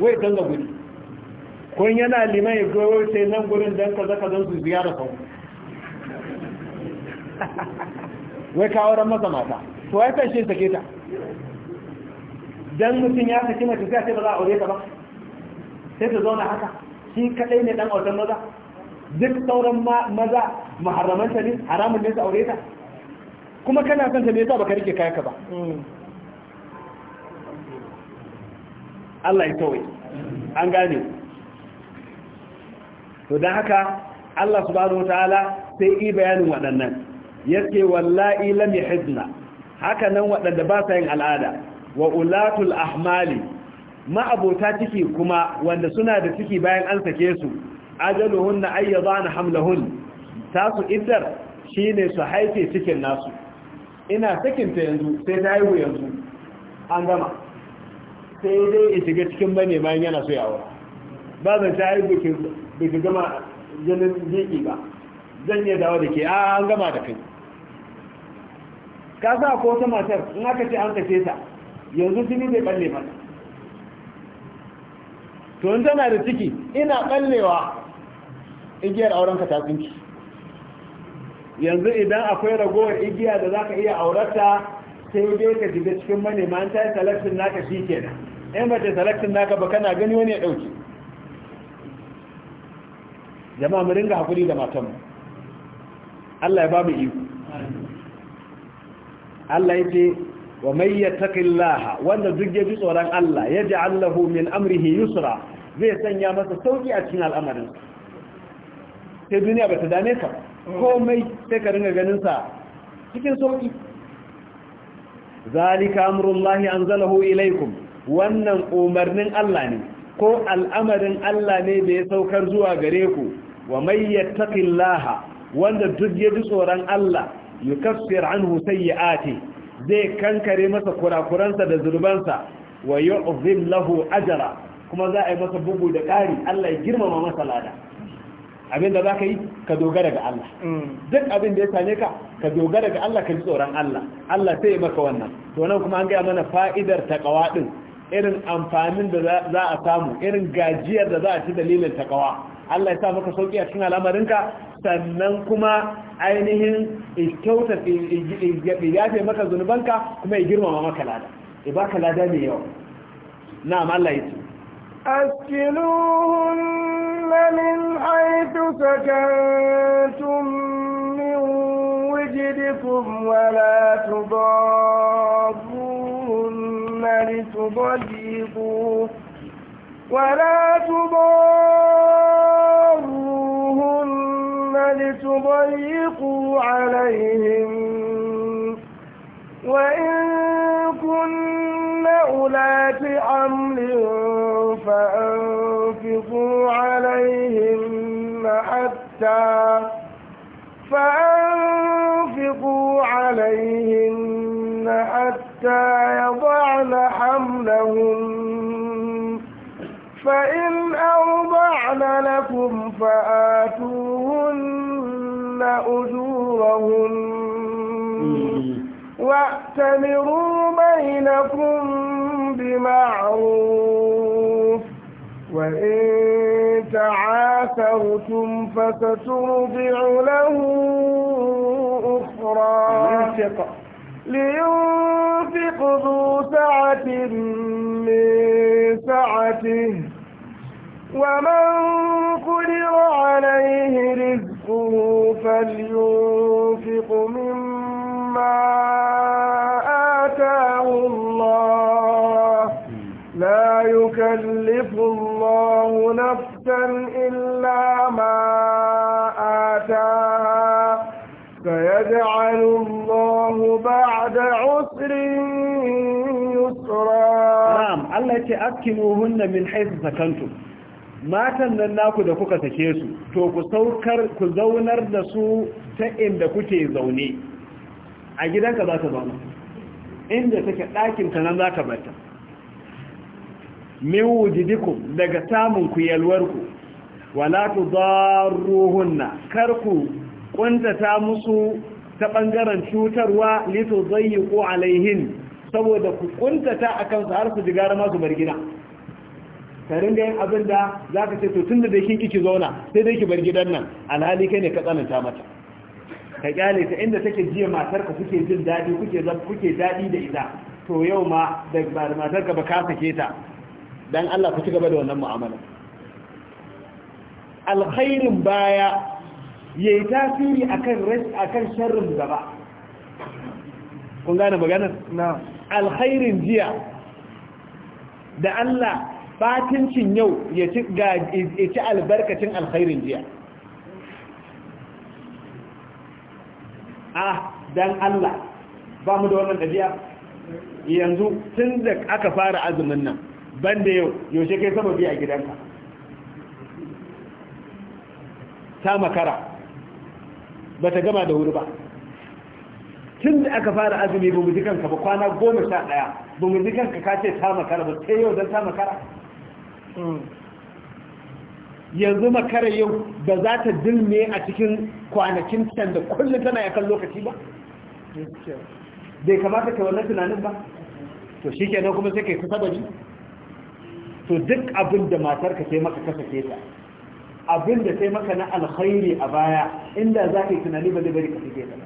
wai ga guri kun yana liman ya goyo sai nan gurin don ka zaka zan su ziyara sau wai ka auren masa mata to ya kan shi sake ta dan mutum ya saki mace sai ce ba za aure ta ba sai ta zauna haka shi kadai ne dan auren maza duk sauran maza ta ne haramun ne su aure ta kuma kana son ta me yasa baka rike kayanka ba Allah ya tawai an gane to dan haka Allah subhanahu wataala sai yi bayanin waɗannan yake wallahi lam yahidna haka nan waɗanda ba sa yin al'ada wa ulatul ahmali ma'abota ciki kuma wanda suna da ciki bayan an sake su ajaluhunna ayyadana hamlahun tasu iddar shine su haife cikin nasu ina sakinta yanzu sai ta haihu yanzu an gama sai dai in shiga cikin bane bayan yana so ba zan ta haihu bai gama jinin jiki ba zan iya dawo da ke a an gama da kai ka sa ko wata matar in aka ce an kace ta yanzu jini bai balle mata to in tana da ciki ina ballewa igiyar aurenka ta tsinki yanzu idan akwai ragowar igiya da za ka iya aurata sai dai ka shiga cikin manema ta yi salatin naka shi kenan in ba ta naka ba kana gani wani ya ɗauki jama'a mu ringa hakuri da matanmu Allah ya ba mu iko Allah ya ce wa mai yattaqillaha wanda duk ya ji tsoron Allah ya ji lahu min amrihi yusra zai sanya masa sauki a cikin al'amarin sai duniya bata dame ka komai sai ka ringa ganin sa cikin sauki zalika amrullahi anzalahu ilaykum wannan umarnin Allah ne ko al'amarin Allah ne da ya saukar zuwa gare ku wa mai yattaqillaha wanda duk ya ji tsoron Allah sai ya ake zai kankare masa kurakuransa da zurbansa wa yu'zim lahu ajara kuma za a yi masa bugu da ƙari Allah ya girmama masa lada abin da za ka yi ka dogara ga Allah mm. duk abin da ya same ka ka dogara ga Allah ka ji tsoron Allah Allah sai ya maka wannan to nan kuma an gaya mana fa'idar takawa ɗin, irin amfanin da za a samu irin gajiyar da za a ci dalilin takawa Allah ya sa maka sauki a cikin al'amarinka sannan kuma ainihin kyauta yafe maka zunubanka kuma ya girmama maka lada ya baka lada mai yawa na'am Allah ya ce askiluhun min haitu sakantum min wujidikum wala tudarruhun لتضيقوا ولا تضاروهن لتضيقوا عليهم وإن كن أولاة حمل فأنفقوا عليهم حتى فأنفقوا عليهن حتى يضعن حملهن فإن أرضعن لكم فآتوهن أجورهن واعتمروا بينكم بمعروف وإن تعاثرتم فسترضع له أخرى لينفق ذو سعة من سعته ومن قدر عليه رزقه فلينفق مما آتاه الله لا يكلف الله نفسا إلا ما آتاها فيجعل الله بعد عسر يسرا نعم الله يتأكلوهن من حيث سكنتم matan nan naku da kuka sake su to ku saukar ku zaunar da su ta inda kuke zaune a gidanka za ta zaune inda take ɗakinta nan za ka bata min wujidiku daga samun ku yalwarku wala tudarruhunna kar ku ƙuntata musu ta bangaren cutarwa litudayyiqu alaihin saboda ku ƙuntata akan su har su jigara masu bar gida ka da yin abin da za ka ce to tun da kin kiki zauna sai dai ki bar gidan nan alhali kai ne ka tsananta mata ka kyale ta inda take jiya matar ka kuke jin daɗi kuke zan kuke daɗi da ita to yau ma da matar ka ba ka sake ta dan Allah ku ci gaba da wannan mu'amala alkhairin baya yayi tasiri akan akan sharrin gaba kun gane maganar na alkhairin jiya da Allah batincin yau ya ci albarkacin alkhairin jiya Ah dan Allah ba mu da wannan ɗabi'a yanzu tun da aka fara azumin nan ban da yau yaushe kai sama biya gidanka ta makara ba ta gama da wuri ba tun da aka fara azumi ba mu ji kanka ba kwana goma sha ɗaya ba mu ji kanka ka ce ta makara ba sai yau don ta makara yanzu makarar yau ba za ta dilme a cikin kwanakin can da kullum tana yakan lokaci ba bai kamata ka wannan tunanin ba to shi kenan kuma sai ka yi sabari to duk abin da matarka sai maka kasake ta abin da sai maka na alkhairi a baya inda za ka yi tunani ba zai ka fike ta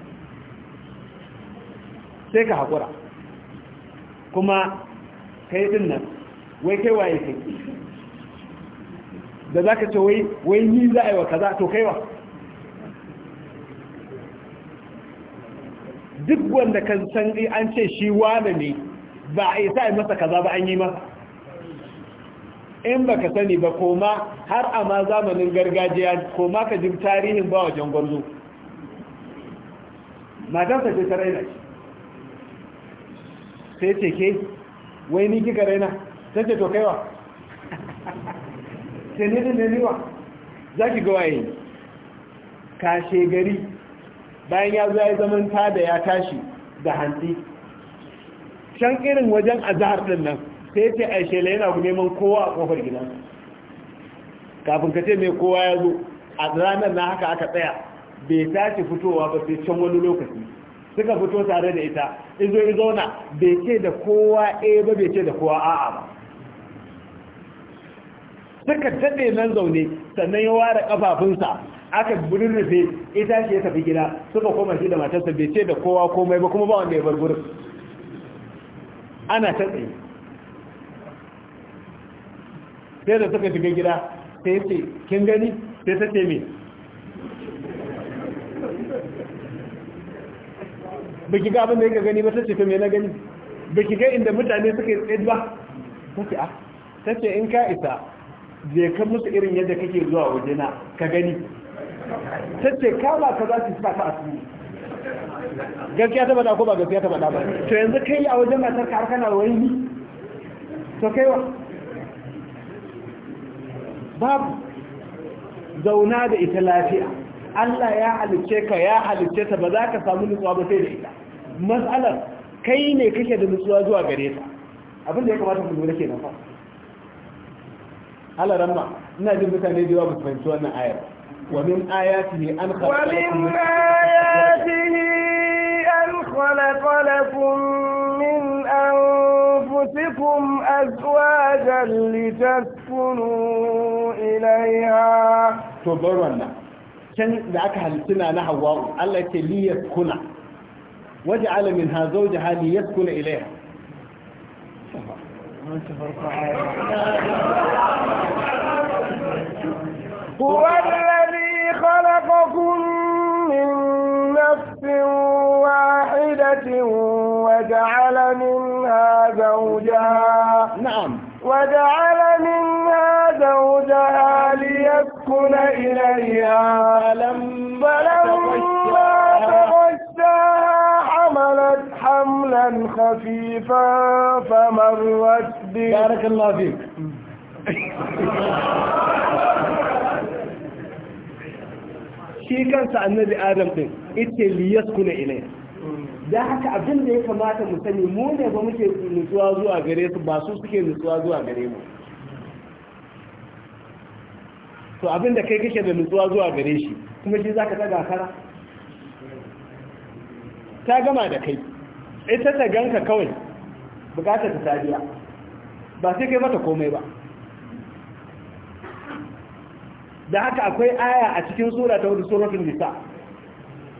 sai ka haƙura kuma ka yi nan wai kai waye kai da za ka ce wai ni za a yi wa kaza to kaiwa duk wanda kan san an ce shi wane ne ba a isa yi masa kaza ba an yi masa in ba ka sani ba koma har a ma zamanin gargajiya koma ka jim tarihin ba wajen gwarzo matarsa ce ta raina sai ce ke wai ni kika raina sai ce to kaiwa [LAUGHS] sai ne da za ki ga waye kashe gari bayan ya zo ya zaman ta da ya tashi da hanti can irin wajen azahar din nan sai ce a shela yana neman kowa a kofar gidansa kafin ka ce mai kowa ya zo a ranar na haka aka tsaya bai tashi fitowa ba sai can wani lokaci suka fito tare da ita izo na bai ce da kowa a eh ba bai ce da kowa a'a ba suka daɗe nan zaune sannan ya ware kafafunsa aka gurin rufe ita ce ya tafi gida suka koma shi da matarsa bai ce da kowa komai ba kuma ba wanda ya bar gurin ana ta tsaye sai da suka shiga gida sai ce kin gani sai ta ce me biki ga abin da yake gani ba ta ce ta me na gani biki ga inda mutane suka yi tsaye ba ta ce a ah. ta ce in ka isa zai kan musu irin yadda kake zuwa waje na, ka gani ta ce kama ka za su suna ka asiri gaskiya ta bada ko ba gaskiya ta bada ba to yanzu kai a wajen matar ka har kana wani ni to kai wa babu zauna da ita lafiya Allah ya halicce ka ya halicce ta ba za ka samu nutsuwa ba sai da ita matsalar kai ne kake da nutsuwa zuwa gare ta abin da ya kamata ku lura kenan fa ala ramma ina jin mutane da yawa fahimci wannan ayar ومن آياته أن ومن آياته أن خلق لكم من أنفسكم أزواجا لتسكنوا إليها. تبرنا. كان ذاك هالسنة نحو ألا ليسكن وجعل منها زوجها ليسكن إليها. هو الذي خلقكم من نفس واحدة وجعل منها زوجها نعم وجعل منها زوجها ليسكن إليها فلما تغشاها فحملت حملا خفيفا فمرت به بارك الله فيك shi kansa annabi adam din ita liyas liyaskuna ilayya da haka abin da ya kamata mu sani mu ne ba muke nutsuwa zuwa gare su ba su suke nutsuwa zuwa gare mu to abin da kai kake da nutsuwa zuwa gare shi kuma shi zaka ta gafara ta gama da kai ita ta ganka kawai bukatar ta biya ba sai kai mata komai ba da haka akwai aya a cikin sura ta wadda suratul nisa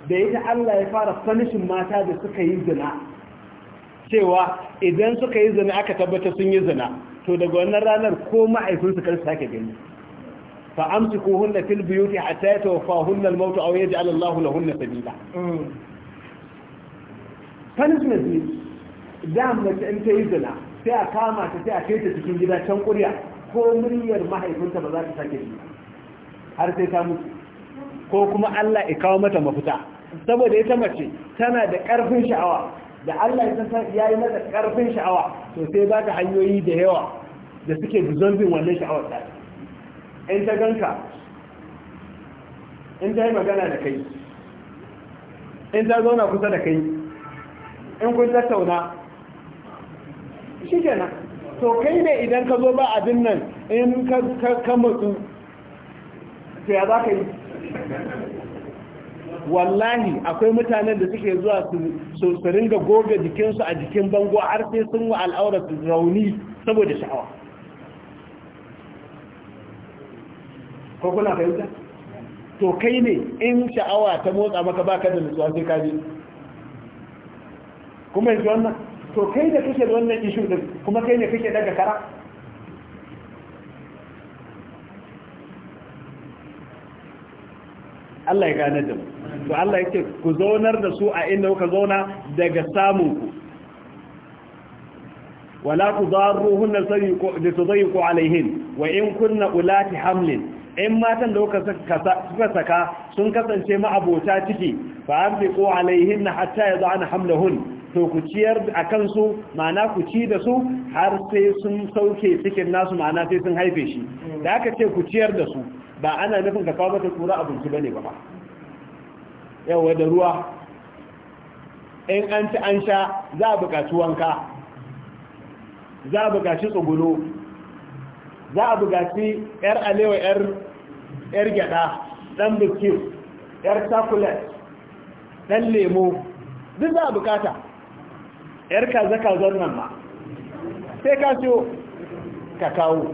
da ita Allah ya fara sanishin mata da suka yi zina cewa idan suka yi zina aka tabbata sun yi zina to daga wannan ranar ko ma'aikinsu kan sake gani fa amsikuhunna fil buyuti hatta yatawaffahunna al mautu aw yaj'al Allahu lahunna sabila mm. punishment ne da mace in ta yi zina sai a kama ta sai a kai ta cikin gida can ƙurya ko muryar mahaifinta ba za ta sake ji har sai ta mutu ko kuma Allah ya kawo mata mafita saboda ita mace tana da ƙarfin sha'awa da Allah ya yi mata ƙarfin sha'awa to sai ba ta hanyoyi da yawa da suke dissolving wannan sha'awar ta in ta ganka in ta yi magana da kai in ta zauna kusa da kai in kun tattauna shi kenan to kai ne idan ka zo ba abin nan in ka su to ya za ka yi wallahi akwai mutanen da suke zuwa su ringa goge jikinsu a jikin bango har sai sun wa al'aura su rauni saboda sha'awa ko kuna fahimta to kai ne in sha'awa ta motsa maka baka da nutsuwa sai ka ji kuma yanzu wannan to kai da kake da wannan ishu din kuma kai ne kake daga kara Allah ya gane da mu to Allah yake ku zaunar da su a inda kuka zauna daga samun ku wala tudarruhunna sayyiqu alaihin wa in kunna ulati hamlin in matan da suka saka sun kasance ma abota ciki fa ku alaihin hatta yad'ana hamlahun to ku ciyar a kansu ma'ana ku ci da su har sai sun sauke cikin nasu ma'ana sai sun haife shi da aka ce ku ciyar da su ba ana nufin ka kawo mata kura abinci bane ba ba yawa da ruwa in an ci an sha za a buƙaci wanka za a buƙaci tsugulo za a buƙaci yar alewa yar gyada ɗan biskit yar chocolate ɗan lemo duk za a buƙata. yar kaza kazan nan ma sai ka ciyo ka kawo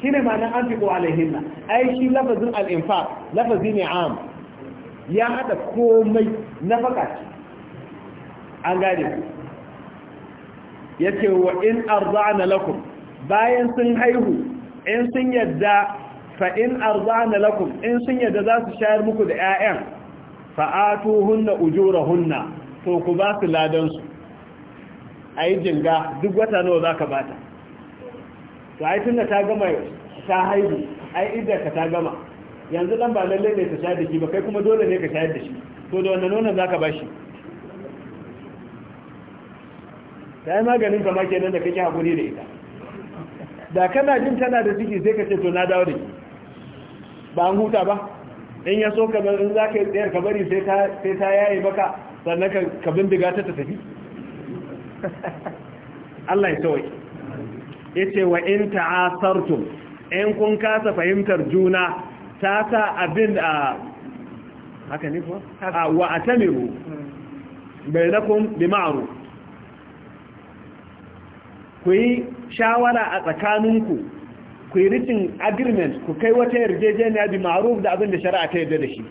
shi ne ma'anin an fiko alaihin na ai shi lafazin al'infa lafazi ne am ya haɗa komai na fakaci an gane ku ya ce wa in arzana lakum bayan sun haihu in sun yadda fa in arzana lakum in sun yadda za su shayar muku da 'ya'yan fa'atu hunna ujura hunna to ku ba su ladansu a yi jinga duk wata nawa za ka ta to yi tun da ta gama ta haihu ai idda ka ta gama yanzu dan ba lalle ne ta shayar da shi ba kai kuma dole ne ka shayar da shi to da wannan nonon za ka ba shi ta yi maganin kama kenan da kake haƙuri da ita da kana jin tana da ciki sai ka ce to na dawo da ki ba an huta ba in ya so ka in za ka yi tsayar ka bari sai ta yaye maka sannan ka bindiga ta tafi Allah ya tawai yace wa in ta'asartum in kun kasa fahimtar juna ta sa abin a haka ne kuwa a wa atamiru bainakum bi ma'ruf ku yi shawara a tsakaninku ku yi ritin agreement ku kai wata yarjejeniya bi ma'ruf da abin da shari'a ta yarda da shi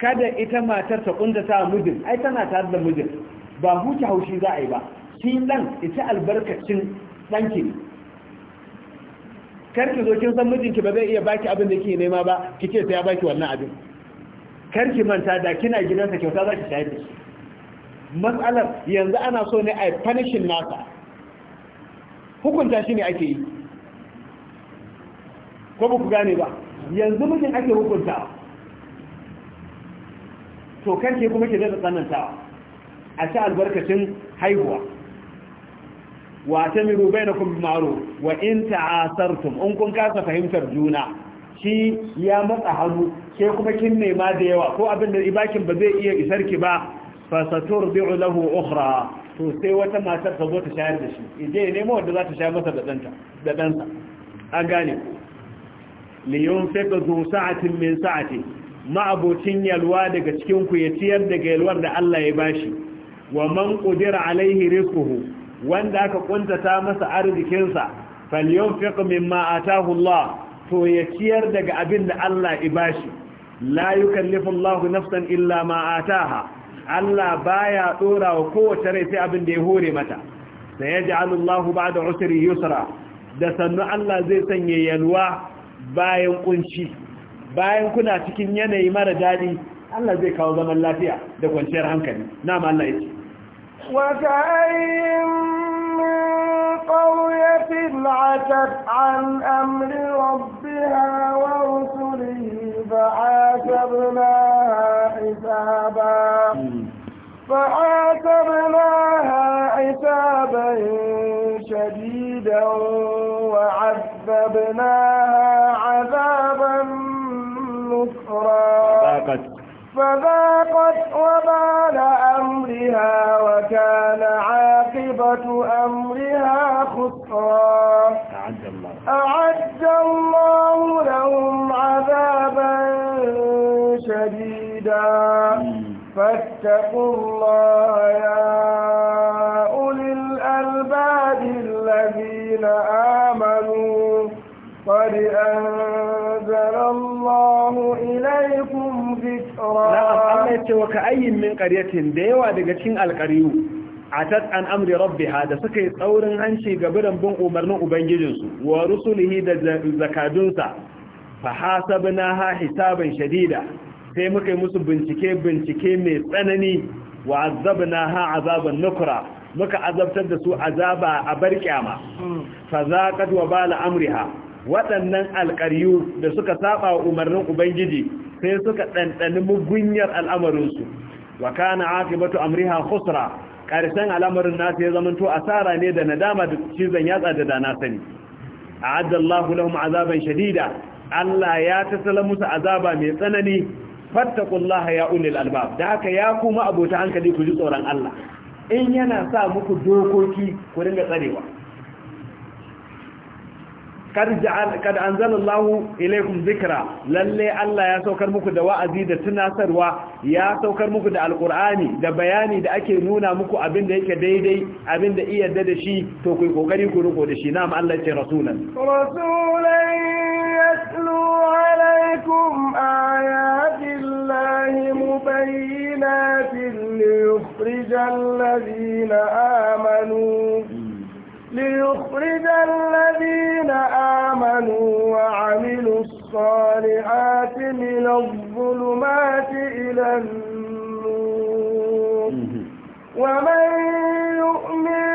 kada ita matar ta kunda ta mijin ai tana tare da mijin ba huce haushi za a yi ba shi dan ita albarkacin danki kar ki zo kin san mijinki ba zai iya baki abin da kike nema ba kike sai ya baki wannan abin kar ki manta da kina gidansa kyauta za ki shayar da shi matsalar yanzu ana so ne a punishing nasa hukunta shi ne ake yi ko ba ku gane ba yanzu mijin ake hukunta to kanke kuma ke zai tsananta a ci albarkacin haihuwa wa ta miru bai na kuma maro wa in ta'asartum in kun kasa fahimtar juna shi ya matsa hannu ke kuma kin nema da yawa ko abin da ibakin ba zai iya isar ki ba fasatur bi'u lahu ukhra to sai wata matar ta zo ta shayar da shi idan ne nemo wanda za ta shayar masa da danta da dansa an gane li yunfiq zu sa'atin min sa'ati ma'abocin yalwa daga cikin ya ciyar daga yalwar da Allah ya bashi wa man qudira alaihi rizquhu wanda aka kuntata masa arzikinsa falyunfiq mimma atahu Allah to ya ciyar daga abin da Allah ya bashi la yukallifu Allah nafsan illa ma Allah baya ɗora wa kowace rai sai abin da ya hore mata sayaj'alu Allah ba'da usri yusra da sannu Allah zai sanya yalwa bayan kunci bayan kuna cikin yanayi mara daɗi Allah zai kawo zaman lafiya da kwanciyar hankali na Allah yake wa قرية عتت عن أمر ربها ورسله فعاتبناها حسابا فعاتبناها حسابا شديدا وعذبناها فذاقت وبال أمرها وكان عاقبة أمرها خسرا أعد الله, أعد الله لهم عذابا شديدا فاتقوا الله يا أولي الألباب الذين آمنوا قد أنزل الله na'am Allah ya ce wa min ƙaryatin da yawa daga cikin alqariyu atat an amri rabbiha da suka yi tsaurin hanci ga biran bin umarnin ubangijinsu wa rusulihi da zakadunsa fa ha hisaban shadida sai muka yi musu bincike bincike mai tsanani wa azabnaha azaban nukra muka azabtar da su azaba a bar kyama hmm. fa zaqat wa bala amriha waɗannan alƙaryu da suka saba wa umarnin ubangiji sai suka ɗanɗani mugunyar al'amarinsu wa kana akibatu amriha husra ƙarshen al'amarin nasu ya zamanto asara ne da nadama da cizon yatsa da dana sani A Allahu lahum azaban shadida Allah ya tasala musu azaba mai tsanani fattaqullaha ya ulil albab da haka ya kuma abota hankali ku ji tsoron Allah in yana sa muku dokoki ku dinga tsarewa kad anzalallahu ilaikum zikra lalle Allah ya saukar muku da wa'azi da tunasarwa ya saukar muku da alqur'ani da bayani da ake nuna muku abin da yake daidai abin da iya da shi to ku kokari ku riko da shi na'am Allah ya ce rasulan rasulan yatlu alaikum ayatillahi mubayyinatin liyukhrijal ladina amanu hmm. liyukhrijal ladina آمنوا وعملوا الصالحات من الظلمات إلى النور ومن يؤمن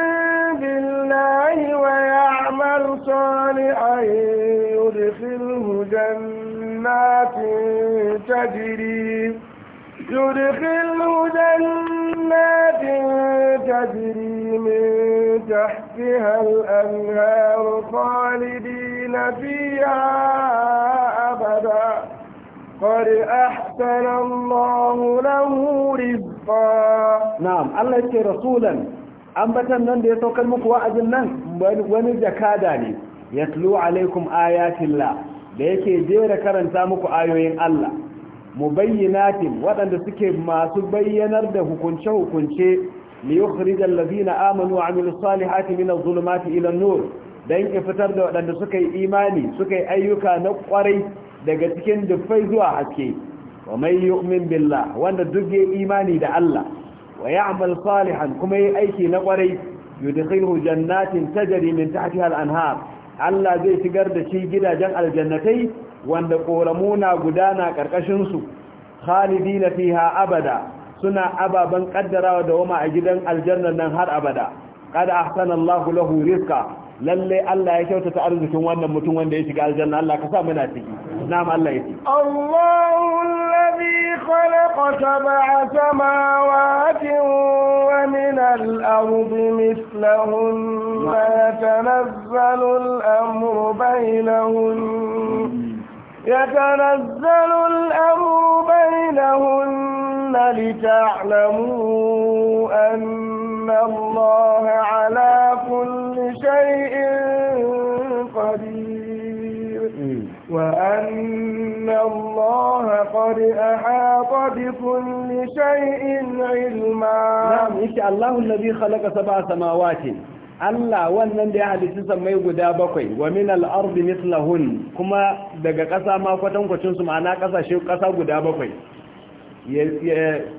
بالله ويعمل صالحا يدخله جنات تجري يدخله جنات تجري من تحتها الأنهار خالدين فيها أبدا قد أحسن الله له رزقا نعم الله يكي رسولا أنبتن نن دي سوكر مكو وعدن نن ونجا كاداني يتلو عليكم آيات الله da yake jera karanta muku ayoyin Allah mubayyinatin waɗanda suke masu bayyanar da hukunce-hukunce li yukhrijal ladina amanu wa amilus salihati min adh-dhulumati ila an-nur dan ya fitar da waɗanda suka yi imani suka yi ayyuka na ƙwarai daga cikin dufai zuwa haske wa mai yu'min billah wanda duk ya imani da Allah wa ya'mal salihan kuma yi aiki na ƙwarai yudkhilhu jannatin tajri min tahtiha al-anhar Allah zai shigar da shi gidajen aljannatai wanda koramu na gudana karkashin su khalidina fiha abada suna ababen ƙaddarawa da wama a gidan aljanna nan har abada kada a Allahu lahu rizqa lalle Allah ya kyautata arzikin wannan mutum wanda ya shiga aljanna Allah ka sa muna ciki na'am Allah ya ce Allahu alladhi khalaqa sab'a samawati wa min al-ardi mithlahum ma yatanazzalu al-amru bainahum يتنزل الأمر بينهن لتعلموا أن الله على كل شيء قدير وأن الله قد أحاط بكل شيء علما نعم إن شاء الله الذي خلق سبع سماوات Allah wannan da ya halitta samai guda bakwai wa min al-ardi mithlahun kuma daga ƙasa ma kwatankwacin su ma'ana ƙasashe ƙasa guda bakwai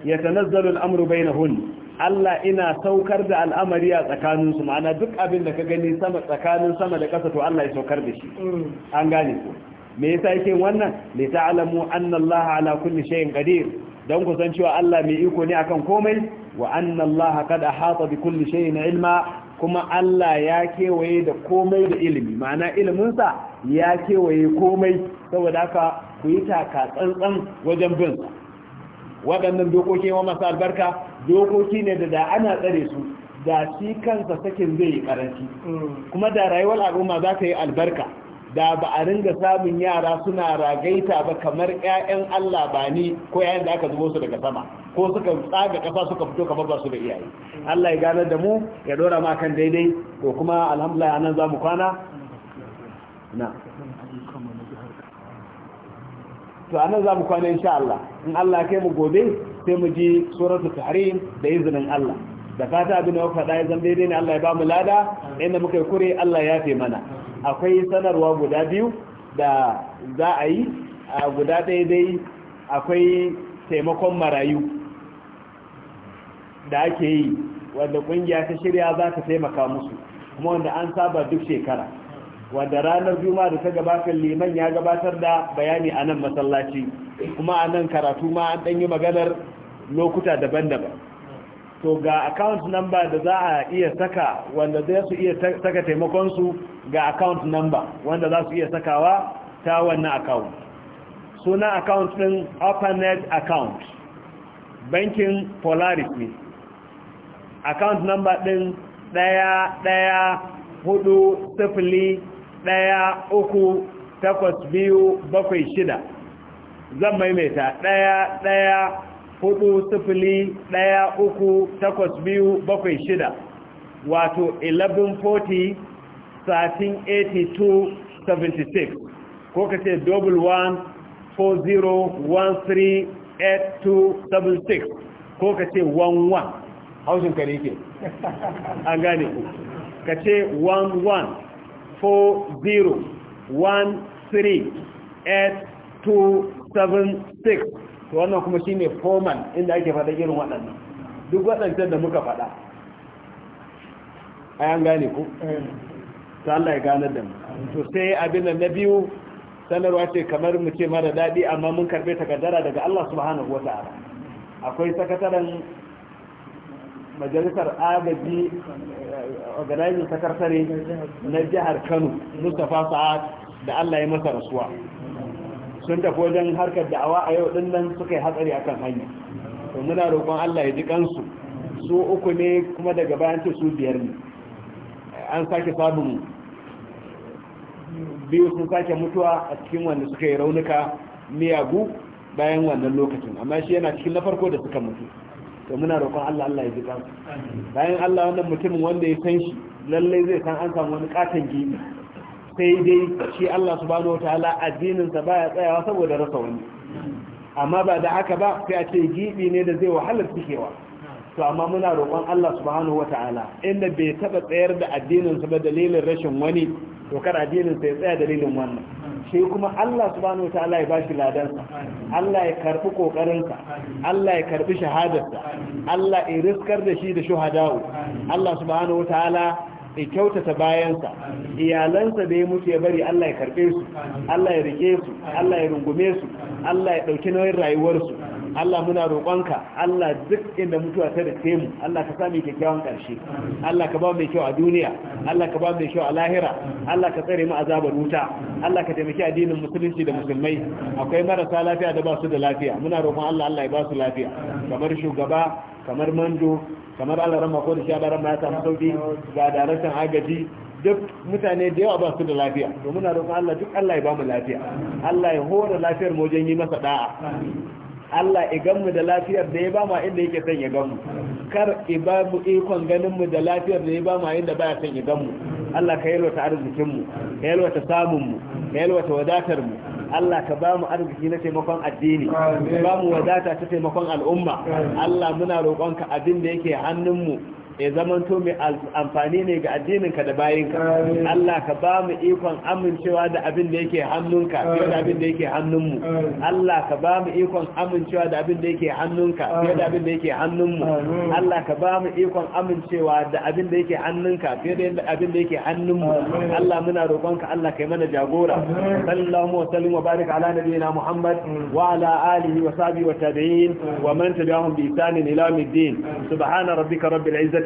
ya tanazzalu al-amru bainahun Allah ina saukar da al'amari a tsakanin su ma'ana duk abin da ka gani sama tsakanin sama da ƙasa to Allah ya saukar da shi mm. an gane ku me yasa yake wannan li ta'lamu anna Allah ala kulli shay'in qadir dan ku san cewa Allah mai iko ne akan komai wa anna Allah qad ahata bi kulli shay'in ilma kuma Allah ya kewaye da komai da ilimi ma'ana iliminsa ya kewaye komai saboda haka ku yi taka tsantsan wajen bin waɗannan dokoki wa masu albarka dokoki ne da da ana tsare su da shi kansa sakin zai yi karanci kuma da rayuwar al'umma za ta yi albarka da ba a ringa samun yara suna ragaita ba kamar 'ya'yan Allah ba ni ko 'ya'yan da aka zubo su daga sama ko suka tsaga kafa suka fito kamar ba su da iyaye Allah ya gane da mu ya dora ma kan daidai ko kuma alhamdulillah anan za mu kwana na to anan za mu kwana insha Allah in Allah kai mu gobe sai mu ji suratul tahrim da izinin Allah da fata abin da muka faɗa zan daidai ne Allah ya ba mu lada inda muka yi kure Allah ya fi mana akwai sanarwa guda biyu da za a yi a guda daidai akwai taimakon marayu da ake yi wanda kungiya ta shirya za ta taimaka musu kuma wanda an saba duk shekara wanda ranar juma da ta gabatar liman ya gabatar da bayani a nan masallaci kuma a nan karatu ma an ɗanyi maganar lokuta daban-daban to ga account number da za a iya saka wanda zai su iya saka taimakonsu ga account number wanda za su iya sakawa ta wannan account suna account ɗin net account bankin polaris ne account number ɗin ɗaya ɗaya hudu sifili ɗaya uku takwas biyu bakwai shida zan maimaita ɗaya ɗaya hudu sifili ɗaya uku takwas biyu bakwai shida wato 1140 1382 76 ko ka ce double one four zero one three eight two double six ko ka ce one one haushin ka ne ke [LAUGHS] an gane ku ka ce 1140138276 to wannan kuma shi ne foreman inda ake fada irin waɗannan duk waɗancan da muka faɗa yan gane ku eh. ta Allah ya ganar da mu to sai abin da na biyu sanarwa ce kamar mu ce mara daɗi amma mun karɓe takaddara daga Allah subhanahu wa ta'ala akwai sakataren majalisar agaji organizing sakatare na jihar kano mustapha sa'ad da allah ya masa rasuwa sun tafi wajen harkar da'awa a yau din nan suka yi hatsari akan hanya to muna roƙon allah ya ji kansu su uku ne kuma daga bayan ce su biyar ne an sake sabon biyu sun sake mutuwa a cikin wanda suka yi raunuka miyagu bayan wannan lokacin amma shi yana cikin na farko da suka mutu da muna roƙon Allah Allah ya ji kan bayan Allah wannan mutumin wanda ya san shi lallai zai san an samu wani katon gini sai dai shi Allah subhanahu wataala addinin sa baya tsayawa saboda rasa wani amma ba da haka ba sai a ce gibi ne da zai wahalar cikewa to amma muna roƙon Allah subhanahu wataala inda bai taba tsayar da addinin sa ba dalilin rashin wani to kar addinin sa ya tsaya dalilin wannan sai kuma Allah subhanahu ta'ala ya bashi ladansa Allah ya karbi kokarinsa Allah ya karbi shahadarsa Allah ya riskar da shi da shuhada'u Allah subhanahu ta'ala ya kyautata bayansa iyalansa da ya mutu ya bari Allah ya karbe su Allah ya rike su Allah ya rungume su Allah ya dauki nauyin rayuwarsu Allah muna roƙonka Allah duk inda mutuwa ta dace mu Allah ka sa sami kyakkyawan ƙarshe Allah ka ba mai kyau a duniya Allah ka ba mai kyau a lahira Allah ka tsare mu azabar wuta Allah ka taimaki addinin musulunci da musulmai akwai marasa lafiya da ba su da lafiya muna roƙon Allah Allah ya ba su lafiya kamar shugaba kamar mando kamar Allah rama ko da shi Allah rama ya samu sauki ga daraktan agaji duk mutane da yawa ba su da lafiya to muna roƙon Allah duk Allah ya ba mu lafiya Allah ya hora lafiyar mu wajen yi masa da'a Allah iganmu da lafiyar da ya ba ma inda yake son ya gamu kar ibabu ikon ganinmu da lafiyar da ya ba ma inda baya son ya gamu Allah ka yalwata mu ka yalwata mu ka yalwata mu Allah ka ba mu arziki na taimakon addini ka ba mu wadata ta taimakon al'umma Allah muna roƙonka abin da yake hannun mu. ya zamanto mai amfani ne ga addininka da bayinka Allah ka ba mu ikon amincewa da abin da yake hannunka fiye da abin da yake hannunmu Allah ka ba mu ikon amincewa da abin da yake hannunka fiye da abin da yake hannunmu Allah ka ba mu ikon amincewa da abin da yake hannunka fiye da abin da yake hannunmu Allah muna roƙonka Allah kai mana jagora sallallahu wa sallim wa barik ala nabiyyina Muhammad wa ala alihi wa sahbihi wa tabi'in wa man tabi'ahum bi ihsan ila yawmiddin subhana rabbika rabbil izzati